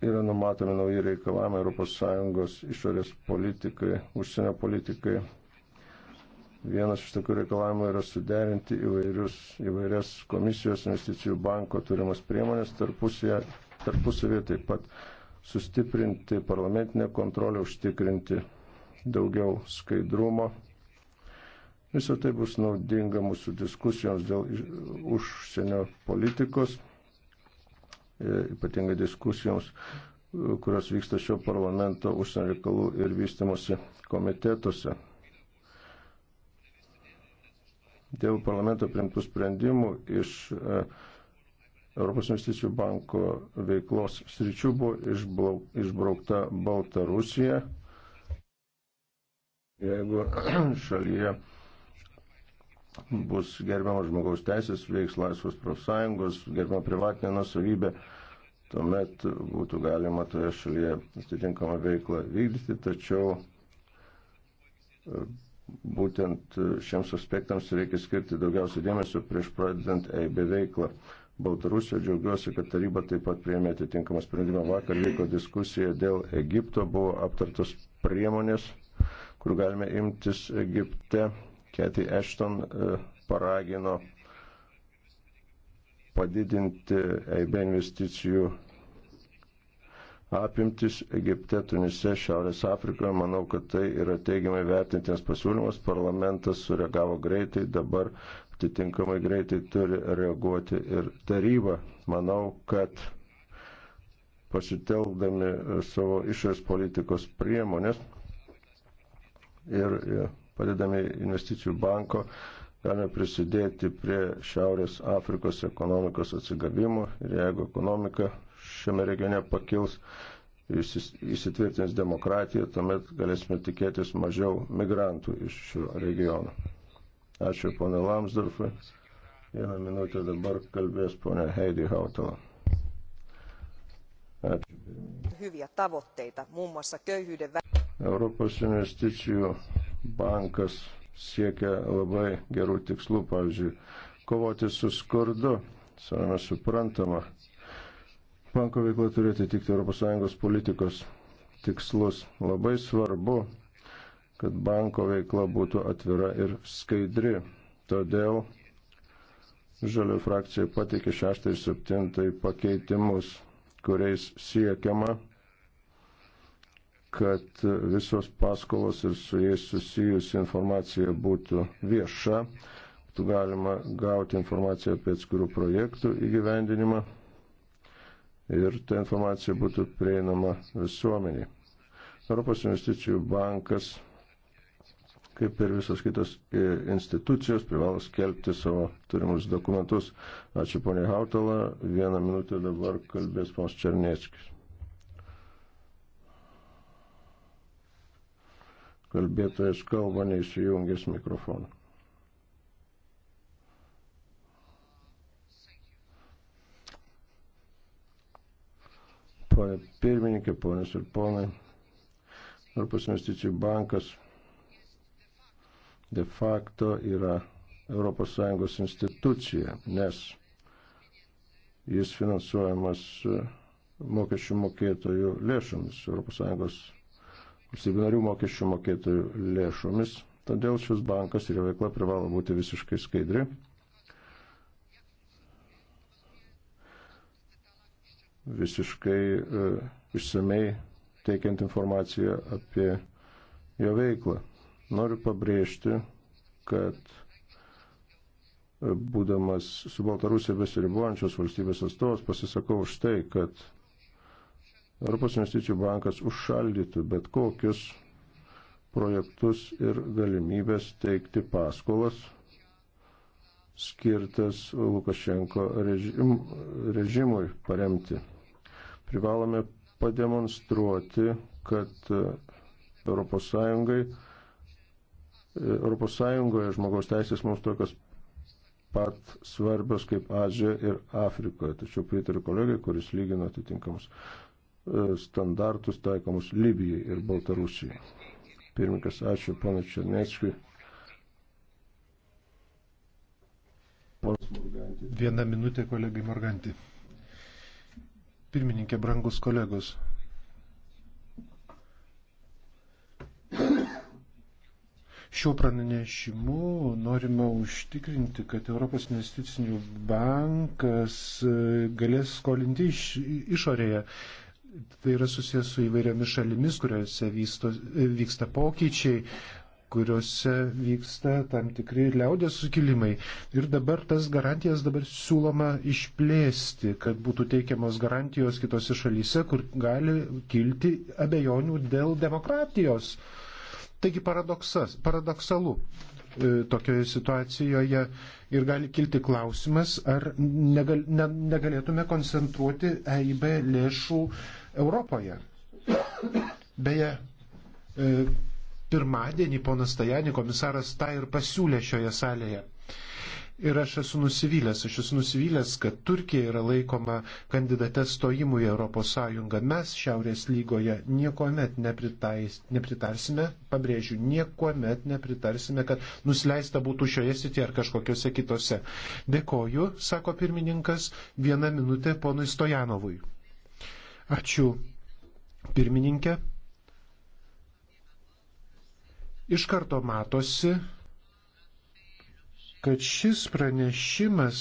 yra numatomi nauji reikalavimai ES išorės politikai, užsienio politikai. Vienas iš tokių reikalavimų yra suderinti įvairius, įvairias komisijos investicijų banko turimas priemonės tarpusavėje, taip pat sustiprinti parlamentinę kontrolę, užtikrinti daugiau skaidrumo. Visą tai bus naudinga mūsų diskusijoms dėl užsienio politikos E, ypatingai diskusijoms, e, kurios vyksta šio parlamento užsienio reikalų ir vystimosi komitetuose. Dėl parlamento priimtų sprendimų iš e, Europos investicijų banko veiklos sričių buvo išbraukta Baltarusija. Jeigu šalyje bus gerbiamas žmogaus teisės, veiks laisvos profsąjungos, gerbiama privatinė nusavybė, tuomet būtų galima toje šalyje atitinkamą veiklą vykdyti, tačiau e, būtent šiems aspektams reikia skirti daugiausiai dėmesio prieš pradedant EIB veiklą. Baltarusio džiaugiuosi, kad taryba taip pat priėmė atitinkamą sprendimą. Vakar vyko diskusija dėl Egipto, buvo aptartos priemonės, kur galime imtis Egipte Keti Ashton e, paragino padidinti EIB investicijų apimtis Egipte, Tunise, Šiaurės Afrikoje. Manau, kad tai yra teigiamai vertintinas pasiūlymas. Parlamentas sureagavo greitai, dabar atitinkamai greitai turi reaguoti ir taryba. Manau, kad pasitelkdami savo išorės politikos priemonės ir e, padedami investicijų banko, galime prisidėti prie Šiaurės Afrikos ekonomikos atsigavimo ir jeigu ekonomika šiame regione pakils, įsitvirtins demokratiją, tuomet galėsime tikėtis mažiau migrantų iš šio regiono. Ačiū ponė Lamsdorfui. Vieną minutę dabar kalbės ponė Heidi Hautala. Ačiū. Hyviä tavoitteita, muun muassa köyhyyden... Europos investicijų bankas siekia labai gerų tikslų, pavyzdžiui, kovoti su skurdu, savame suprantama. Banko veikla turi atitikti ES politikos tikslus. Labai svarbu, kad banko veikla būtų atvira ir skaidri. Todėl žalių frakcija pateikė šeštą ir septintą pakeitimus, kuriais siekiama kad visos paskolos ir su jais susijusi informacija būtų vieša, būtų galima gauti informaciją apie atskirų projektų įgyvendinimą ir ta informacija būtų prieinama visuomeniai. Europos investicijų bankas, kaip ir visos kitos e, institucijos, privalo skelbti savo turimus dokumentus. Ačiū ponia Hautala, vieną minutę dabar kalbės pons Černieckis. Kalbėtojas kalba neįsijungęs mikrofoną. Pone pirmininkė, ponės ir ponai, Europos investicijų bankas de facto yra ES institucija, nes jis finansuojamas mokesčių mokėtojų lėšomis. ES valstybinarių mokesčių mokėtojų lėšomis. Todėl šis bankas ir jo veikla privalo būti visiškai skaidri. Visiškai e, išsamei teikiant informaciją apie jo veiklą. Noriu pabrėžti, kad e, būdamas su Baltarusija besiribuojančios valstybės atstovas pasisakau už tai, kad Europos investicijų bankas užšaldytų bet kokius projektus ir galimybės teikti paskolas skirtas Lukašenko režim, režimui paremti. Privalome pademonstruoti, kad ES Europos Sąjungoje žmogaus teisės mums tokios pat svarbios kaip Azijoje ir Afrikoje. Tačiau pritariu kolegai, kuris lygino atitinkamus E, standartus taikomus Libijai ir Baltarusijai. Pirmininkas, ačiū pana Černeckui. Viena minutė kolegai Morganti. Pirmininkė, brangus kolegos. Šiuo pranešimu norime užtikrinti, kad Europos investicinių bankas galės skolinti iš, išorėje. Tai yra susijęs su įvairiomis šalimis, kuriuose vysto, vyksta pokyčiai, kuriuose vyksta tam tikri liaudės sukilimai. Ir dabar tas garantijas dabar siūloma išplėsti, kad būtų teikiamos garantijos kitose šalyse, kur gali kilti abejonių dėl demokratijos. Taigi paradoksas, paradoksalu. E, tokioje situacijoje ir gali kilti klausimas, ar negal, ne, negalėtume koncentruoti EIB lėšų Europoje. Beje, e, pirmadienį ponas Tajani komisaras tą ir pasiūlė šioje salėje. Ir aš esu nusivylęs, aš esu nusivylęs, kad Turkija yra laikoma kandidate stojimui į ES. Mes Šiaurės lygoje niekuomet nepritais, nepritarsime, pabrėžiu, niekuomet nepritarsime, kad nusileista būtų šioje srityje ar kažkokiuose kitose. Dėkoju, sako pirmininkas, vieną minutę ponui Stojanovui. Ačiū, pirmininkė. Iš karto matosi, kad šis pranešimas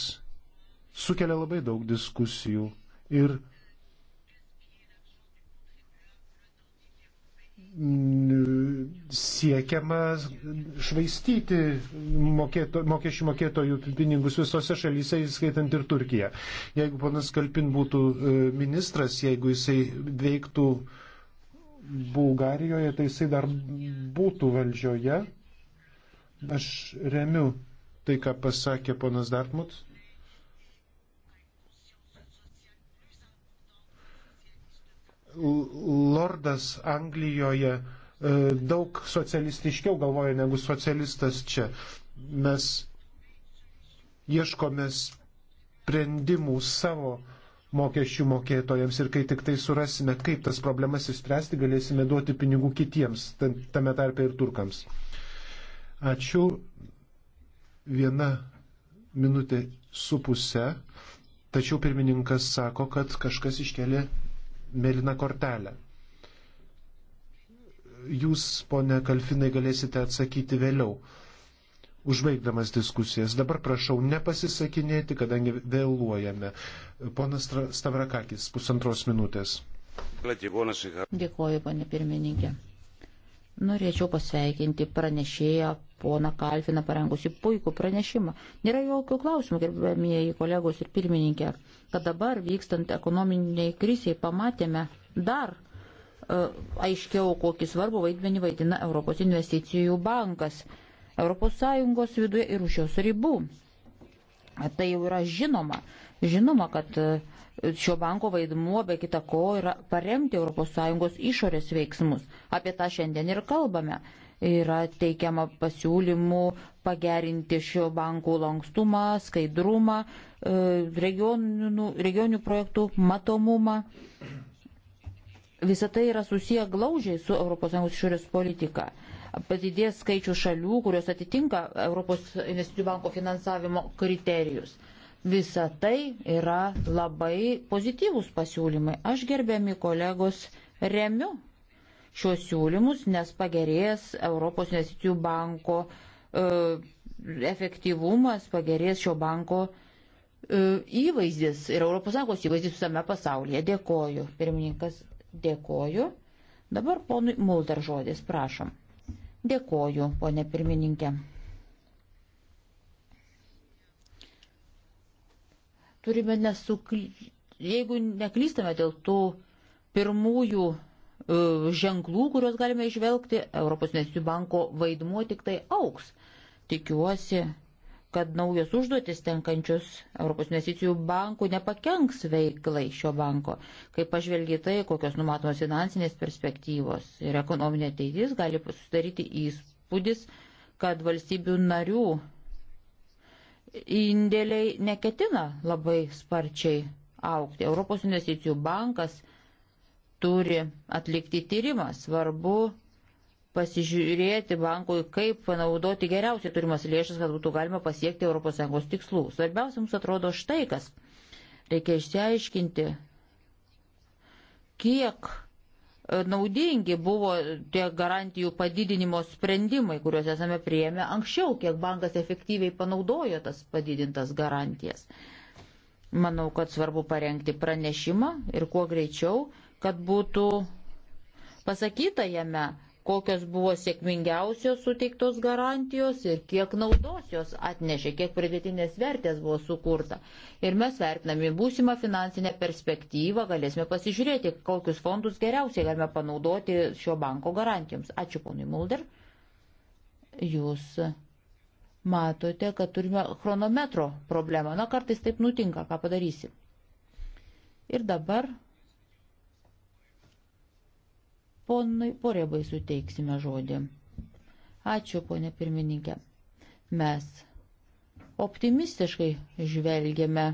sukelia labai daug diskusijų ir siekiama švaistyti mokėto, mokesčių mokėtojų pinigus visose šalyse, įskaitant ir Turkiją. Jeigu ponas Kalpin būtų e, ministras, jeigu jisai veiktų Bulgarijoje, tai jisai dar būtų valdžioje. Aš remiu tai, ką pasakė ponas Dartmut. Lordas Anglijoje e, daug socialistiškiau galvoja negu socialistas čia. Mes ieškome sprendimų savo mokesčių mokėtojams ir kai tik tai surasime, kaip tas problemas įspręsti, galėsime duoti pinigų kitiems, tame tarpe ir turkams. Ačiū viena minutė su puse, tačiau pirmininkas sako, kad kažkas iškelia mėlyną kortelę. Jūs, ponė Kalfinai, galėsite atsakyti vėliau. Užbaigdamas diskusijas, dabar prašau nepasisakinėti, kadangi vėluojame. Ponas Stavrakakis, pusantros minutės. Dėkuoju, ponė pirmininkė. Norėčiau pasveikinti pranešėją poną Kalfiną parengusi puikų pranešimą. Nėra jokių klausimų, gerbėmieji kolegos ir pirmininkė, kad dabar vykstant ekonominiai krisiai pamatėme dar uh, aiškiau, kokį svarbų vaidmenį vaidina Europos investicijų bankas ES viduje ir už jos ribų. Tai jau yra žinoma. Žinoma, kad uh, šio banko vaidmuo be kita ko yra paremti ES išorės veiksmus. Apie tą šiandien ir kalbame. Yra teikiama pasiūlymų pagerinti šio bankų lankstumą, skaidrumą, e, regionų, regionių projektų matomumą. Visą tai yra susiję glaužiai su ES išorės politika. Padidės skaičių šalių, kurios atitinka ES investicijų banko finansavimo kriterijus. Visa tai yra labai pozityvūs pasiūlymai. Aš gerbiami kolegos remiu šios siūlymus, nes pagerės Europos investicijų banko e, efektyvumas, pagerės šio banko e, įvaizdis ir ES įvaizdis visame pasaulyje. Dėkoju. Pirmininkas, dėkoju. Dabar ponui Mulder žodis, prašom. Dėkoju, ponė pirmininkė. turime nesuklysti, jeigu neklystame dėl tų pirmųjų e, ženklų, kuriuos galime išvelgti, Europos Nesijų banko vaidmuo tik tai auks. Tikiuosi, kad naujos užduotis tenkančius Europos Nesijų bankų nepakenks veiklai šio banko. Kai pažvelgi tai, kokios numatomos finansinės perspektyvos ir ekonominė ateitis, gali susidaryti įspūdis, kad valstybių narių indėliai neketina labai sparčiai aukti. Europos investicijų bankas turi atlikti tyrimą. Svarbu pasižiūrėti bankui, kaip panaudoti geriausiai turimas lėšas, kad būtų galima pasiekti ES tikslų. Svarbiausia mums atrodo štai kas. Reikia išsiaiškinti, kiek naudingi buvo tie garantijų padidinimo sprendimai, kuriuos esame prieėmę anksčiau, kiek bankas efektyviai panaudojo tas padidintas garantijas. Manau, kad svarbu parengti pranešimą ir kuo greičiau, kad būtų pasakyta jame, kokios buvo sėkmingiausios suteiktos garantijos ir kiek naudos jos atnešė, kiek pridėtinės vertės buvo sukurta. Ir mes vertinami būsimą finansinę perspektyvą, galėsime pasižiūrėti, kokius fondus geriausiai galime panaudoti šio banko garantijoms. Ačiū ponui Mulder. Jūs matote, kad turime chronometro problemą. Na, kartais taip nutinka, ką padarysi. Ir dabar Ponui Porebai suteiksime žodį. Ačiū, ponė pirmininkė. Mes optimistiškai žvelgiame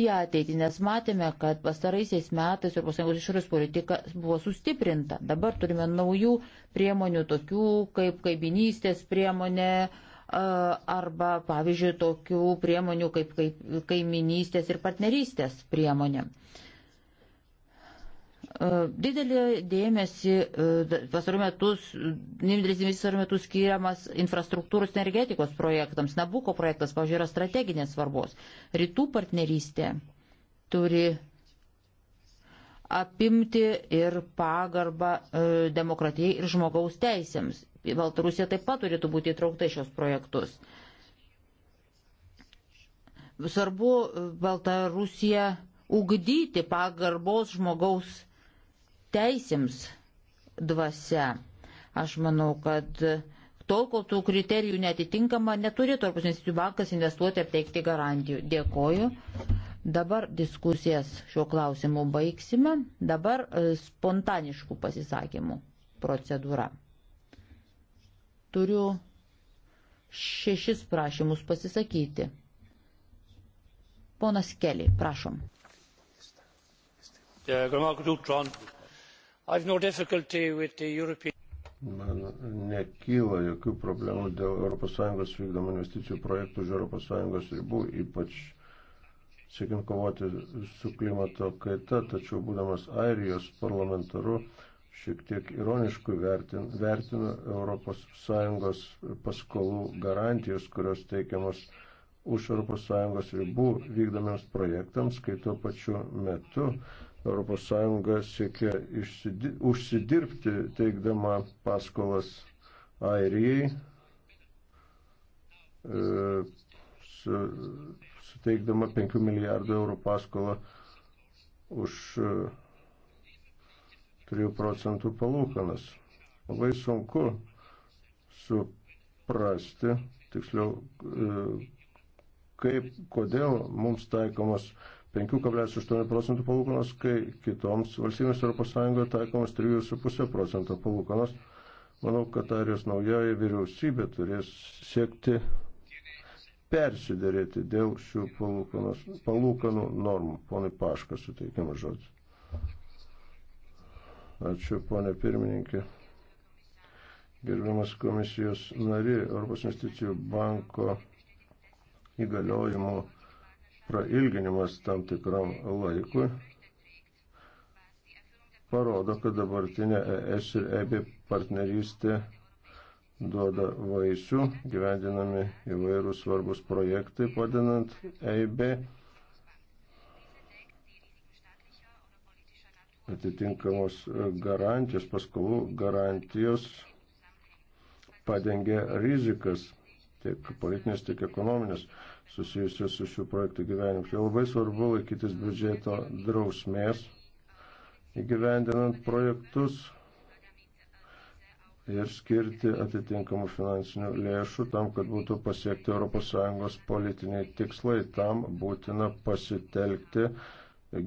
į ateitį, nes matėme, kad pastaraisiais metais Europos Sąjungos išorės politika buvo sustiprinta. Dabar turime naujų priemonių, tokių kaip kaiminystės priemonė arba, pavyzdžiui, tokių priemonių kaip, kaip kaiminystės ir partnerystės priemonė. Uh, E, didelį dėmesį e, pasarų metus, didelis dėmesys pasarų metus skiriamas infrastruktūros energetikos projektams. Nabuko projektas, pavyzdžiui, yra strateginės svarbos. Rytų partnerystė turi apimti ir pagarbą e, demokratijai ir žmogaus teisėms. Baltarusija taip pat turėtų būti įtraukta į šios projektus. Svarbu Baltarusija ugdyti pagarbos žmogaus teisėms dvasia. Aš manau, kad tol, kol tų kriterijų netitinkama, neturi Europos investicijų bankas investuoti ir teikti garantijų. Dėkoju. Dabar diskusijas šiuo klausimu baigsime. Dabar spontaniškų pasisakymų procedūra. Turiu šešis prašymus pasisakyti. Ponas Keli, prašom. Ja, No Man nekyla jokių problemų dėl ES vykdomų investicijų projektų už ES ribų, ypač siekiant kovoti su klimato kaita, tačiau būdamas Airijos parlamentaru šiek tiek ironiškai vertin, vertinu ES paskolų garantijos, kurios teikiamas už ES ribų vykdomiams projektams, kai tuo pačiu metu ES siekia užsidirbti teikdama paskolas Airijai, e, su, suteikdama 5 milijardų eurų paskolą už 3 e, procentų palūkanas. Labai sunku suprasti, tiksliau, e, kaip, kodėl mums taikomos 5,8 procentų palūkanos, kai kitoms valstybėms Europos Sąjungoje taikomas 3,5 procento palūkanos. Manau, kad Arijos naujoji vyriausybė turės siekti persidėrėti dėl šių palūkanos, palūkanų normų. Ponai Paškas suteikiamas žodis. Ačiū, ponė pirmininkė. Gerbiamas komisijos nari, Europos investicijų banko įgaliojimų prailginimas tam tikram laikui parodo, kad dabartinė ES ir EBI partnerystė duoda vaisių, gyvendinami įvairūs svarbus projektai, padinant EIB atitinkamos garantijos, paskolų garantijos padengia rizikas, tiek politinės, tiek ekonominės susijusios su šių projektų gyvenimu. Tai labai svarbu laikytis biudžeto drausmės įgyvendinant projektus ir skirti atitinkamų finansinių lėšų tam, kad būtų pasiekti ES politiniai tikslai. Tam būtina pasitelkti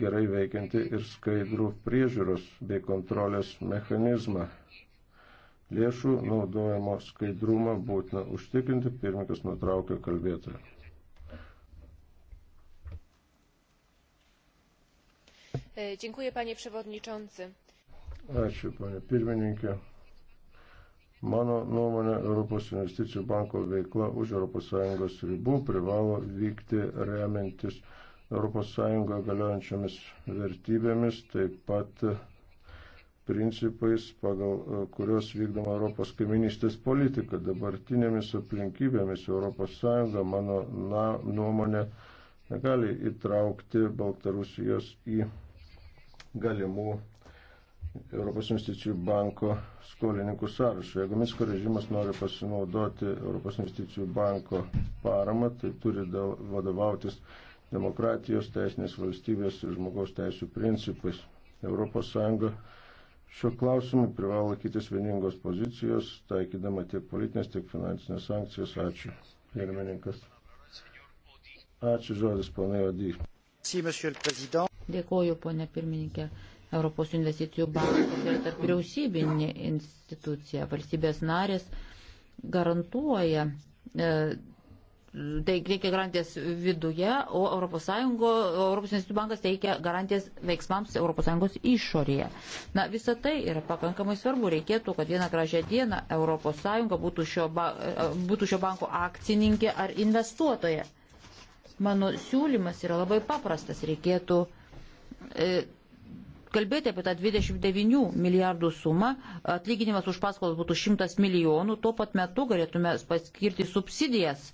gerai veikianti ir skaidrų priežiūros bei kontrolės mechanizmą. Lėšų naudojimo skaidrumą būtina užtikrinti, pirmininkas nutraukė kalbėtoją. E, dziękuję, panie przewodniczący. Ačiū, panie pirmininkė. Mano nuomonė, Europos investicijų banko veikla už ES ribų privalo vykti remiantis ES galiojančiomis vertybėmis, taip pat principais, pagal e, kurios vykdoma Europos kaiminystės politika. Dabartinėmis aplinkybėmis ES, mano na, nuomonė, negali įtraukti Baltarusijos į galimų Europos investicijų banko skolininkų sąrašo. Jeigu Minsko režimas nori pasinaudoti Europos investicijų banko paramą, tai turi vadovautis demokratijos, teisinės valstybės ir žmogaus teisų principais. ES šiuo klausimu privalo laikytis vieningos pozicijos, taikydama tiek politinės, tiek finansinės sankcijas. Ačiū. Pirmininkas. Ačiū žodis, ponai Odį. Dėkoju, ponė pirmininkė. Europos investicijų bankas yra tarp vyriausybinė institucija. Valstybės narės garantuoja, e, teikia tai garantijas viduje, o Europos, Sąjungo, Europos investicijų bankas teikia garantijas veiksmams Europos Sąjungos išorėje. Na, visa tai yra pakankamai svarbu. Reikėtų, kad vieną gražią dieną Europos Sąjunga būtų šio, ba, e, būtų šio banko akcininkė ar investuotoja. Mano siūlymas yra labai paprastas. Reikėtų E, kalbėti apie tą 29 milijardų sumą, atlyginimas už paskolas būtų 100 milijonų, tuo pat metu galėtume paskirti subsidijas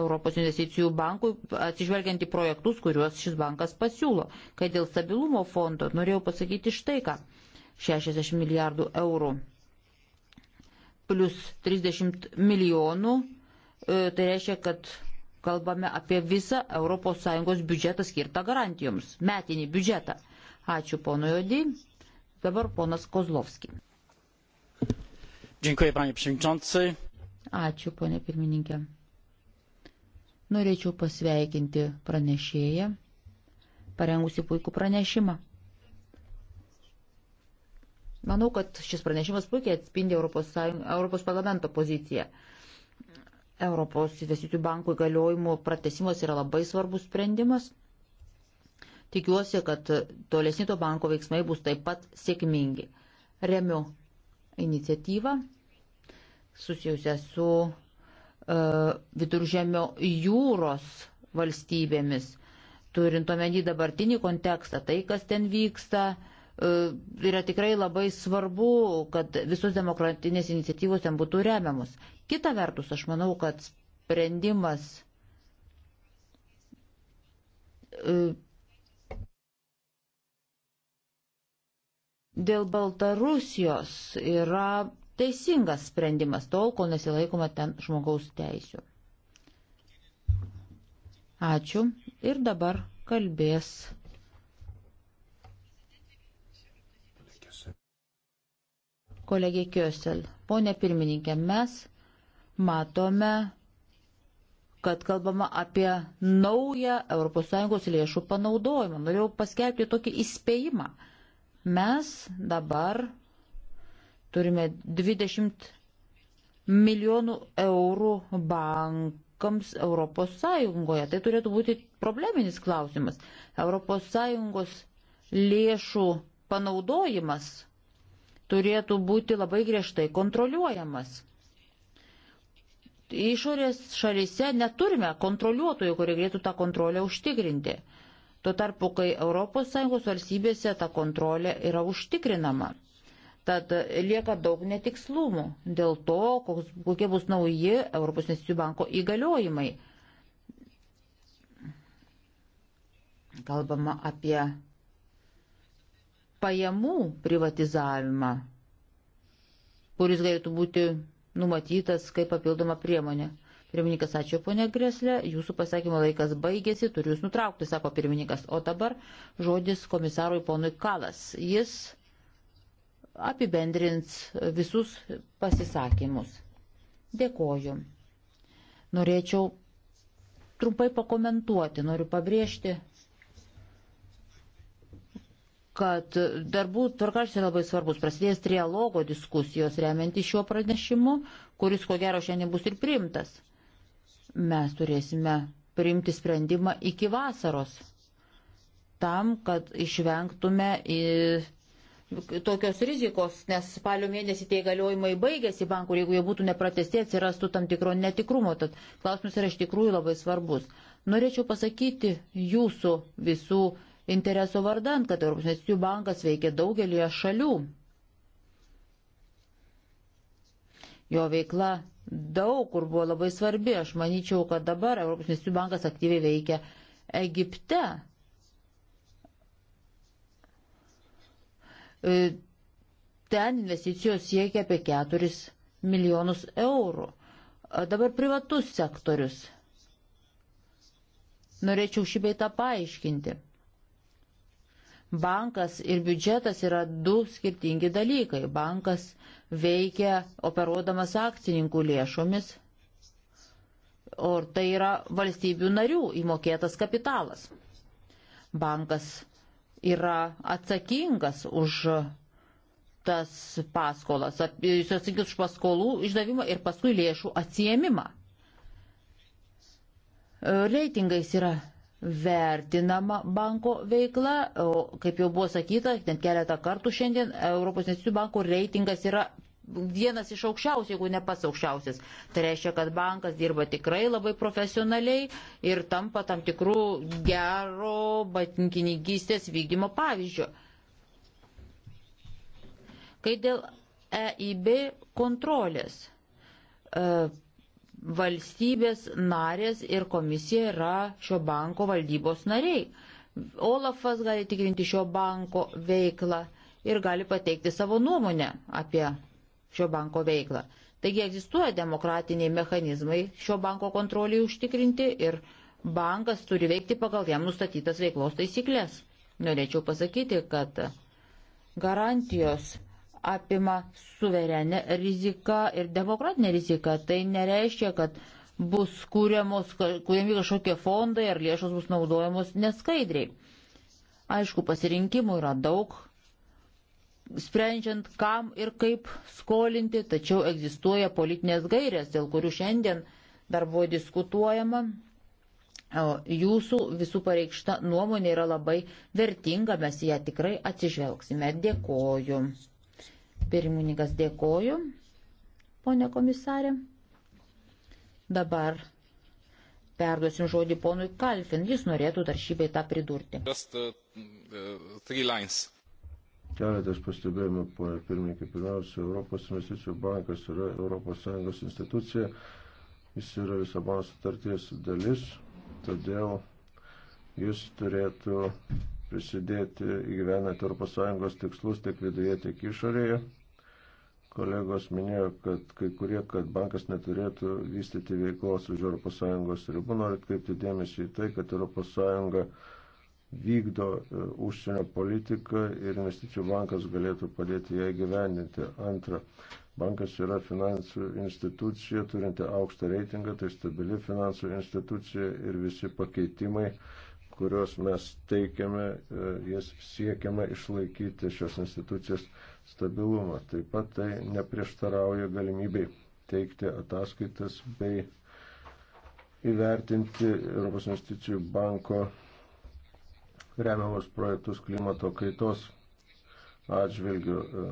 Europos investicijų bankui, atsižvelgiant į projektus, kuriuos šis bankas pasiūlo. Kai dėl stabilumo fondo norėjau pasakyti štai ką - 60 milijardų eurų plus 30 milijonų, e, tai reiškia, kad kalbame apie visą ES biudžetą skirtą garantijoms, metinį biudžetą. Ačiū pono Jodį. Dabar ponas Kozlovski. Dziękuję, panie przewodniczący. Ačiū, ponė pirmininkė. Norėčiau pasveikinti pranešėją, parengusi puikų pranešimą. Manau, kad šis pranešimas puikiai atspindi Europos, Sąjung, Europos parlamento poziciją. Europos investicijų bankų įgaliojimų pratesimas yra labai svarbus sprendimas. Tikiuosi, kad tolesni to banko veiksmai bus taip pat sėkmingi. Remiu iniciatyvą susijusią su uh, e, viduržėmio jūros valstybėmis, turint omeny dabartinį kontekstą, tai, kas ten vyksta, uh, yra tikrai labai svarbu, kad visos demokratinės iniciatyvos ten būtų remiamos. Kita vertus, aš manau, kad sprendimas e, dėl Baltarusijos yra teisingas sprendimas tol, kol nesilaikoma ten žmogaus teisių. Ačiū. Ir dabar kalbės. Kolegė Kiosel, ponė pirmininkė, mes matome, kad kalbama apie naują ES lėšų panaudojimą. Norėjau paskelbti tokį įspėjimą. Mes dabar turime 20 milijonų eurų bankams ES. Tai turėtų būti probleminis klausimas. ES lėšų panaudojimas turėtų būti labai griežtai kontroliuojamas išorės šalyse neturime kontroliuotojų, kurie galėtų tą kontrolę užtikrinti. Tuo tarpu, kai ES valstybėse ta kontrolė yra užtikrinama. Tad lieka daug netikslumų dėl to, kokie bus nauji Europos investicijų banko įgaliojimai. Kalbama apie pajamų privatizavimą, kuris galėtų būti numatytas kaip papildoma priemonė. Pirmininkas, ačiū ponė Greslė, jūsų pasakymo laikas baigėsi, turiu jūs nutraukti, sako pirmininkas. O dabar žodis komisarui ponui Kalas. Jis apibendrins visus pasisakymus. Dėkoju. Norėčiau trumpai pakomentuoti, noriu pabrėžti kad darbų tvarkarštis yra labai svarbus. Prasidės trialogo diskusijos remianti šiuo pranešimu, kuris ko gero šiandien bus ir priimtas. Mes turėsime priimti sprendimą iki vasaros, tam, kad išvengtume į tokios rizikos, nes spalio mėnesį tie galiojimai baigėsi bankų ir jeigu jie būtų nepratesti, atsirastų tam tikro netikrumo. Tad klausimas yra iš tikrųjų labai svarbus. Norėčiau pasakyti jūsų visų interesų vardan, kad Europos investicijų bankas veikia daugelį šalių. Jo veikla daug kur buvo labai svarbi. Aš manyčiau, kad dabar Europos investicijų bankas aktyviai veikia Egipte. E, ten investicijos siekia apie 4 milijonus eurų. E, dabar privatus sektorius. Norėčiau šį beitą paaiškinti. Bankas ir biudžetas yra du skirtingi dalykai. Bankas veikia operuodamas akcininkų lėšomis, o tai yra valstybių narių įmokėtas kapitalas. Bankas yra atsakingas už tas paskolas, jis atsakingas už paskolų išdavimą ir paskui lėšų atsiemimą. Reitingais yra vertinama banko veikla, o kaip jau buvo sakyta, ten keletą kartų šiandien Europos investicijų banko reitingas yra vienas iš aukščiausių, jeigu ne pats aukščiausias. Tai reiškia, kad bankas dirba tikrai labai profesionaliai ir tampa tam tikrų gero bankininkystės vykdymo pavyzdžio. Kai dėl EIB kontrolės. E, valstybės narės ir komisija yra šio banko valdybos nariai. Olafas gali tikrinti šio banko veiklą ir gali pateikti savo nuomonę apie šio banko veiklą. Taigi egzistuoja demokratiniai mechanizmai šio banko kontroliai užtikrinti ir bankas turi veikti pagal jam nustatytas veiklos taisyklės. Norėčiau pasakyti, kad garantijos apima suverenę riziką ir demokratinę riziką. Tai nereiškia, kad bus kūriamos, kūrėmi kažkokie fondai ar lėšos bus naudojamos neskaidriai. Aišku, pasirinkimų yra daug, sprendžiant kam ir kaip skolinti, tačiau egzistuoja politinės gairės, dėl kurių šiandien dar buvo diskutuojama. O jūsų visų pareikšta nuomonė yra labai vertinga, mes ją tikrai atsižvelgsime. Dėkoju. Pirmininkas dėkoju, ponė komisarė. Dabar perduosim žodį ponui Kalfin, jis norėtų dar šį beitą pridurti. Just, uh, uh Keletas pastebėjimų, ponė pirmininkė, pirmiausia, Europos investicijų bankas yra ES institucija, jis yra Lisabono sutarties dalis, todėl jis turėtų prisidėti įgyvenant ES tikslus tiek viduje, tiek išorėje. Kolegos minėjo, kad kai kurie, kad bankas neturėtų vystyti veiklos už ES ribų, noriu atkreipti dėmesį į tai, kad ES vykdo e, užsienio politiką ir investicijų bankas galėtų padėti ją gyveninti. Antra, bankas yra finansų institucija, turinti aukštą reitingą, tai stabili finansų institucija ir visi pakeitimai kuriuos mes teikiame, e, jas siekiama išlaikyti šios institucijos stabilumą. Taip pat tai neprieštarauja galimybei teikti ataskaitas bei įvertinti Europos investicijų banko remiamus projektus klimato kaitos atžvilgių. E,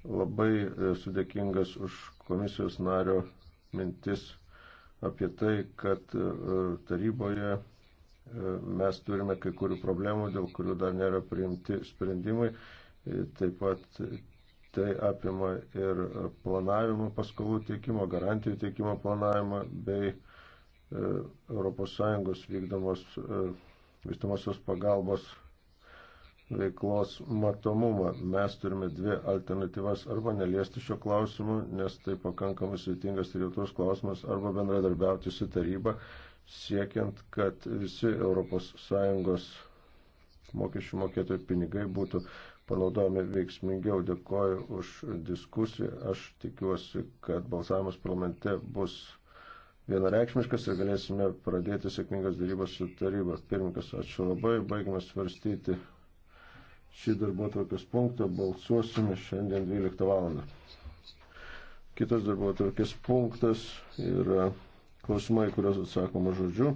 Labai e, sudėkingas už komisijos nario mintis apie tai, kad taryboje mes turime kai kurių problemų, dėl kurių dar nėra priimti sprendimai. Taip pat tai apima ir planavimo paskolų teikimo, garantijų teikimo planavimą bei e, ES vykdomos e, vystamosios pagalbos veiklos matomumą. Mes turime dvi alternatyvas arba neliesti šio klausimo, nes tai pakankamai sudėtingas ir jautrus klausimas, arba bendradarbiauti su taryba siekiant, kad visi ES mokesčių mokėtojų pinigai būtų panaudojami veiksmingiau. Dėkoju už diskusiją. Aš tikiuosi, kad balsavimas parlamente bus vienareikšmiškas ir galėsime pradėti sėkmingas darybas su taryba. Pirmininkas, ačiū labai. Baigime svarstyti šį darbo tvarkės punktą. Balsuosime šiandien 12 val. Kitas darbo tvarkės punktas yra klausimai, kuriuos atsakoma žodžiu.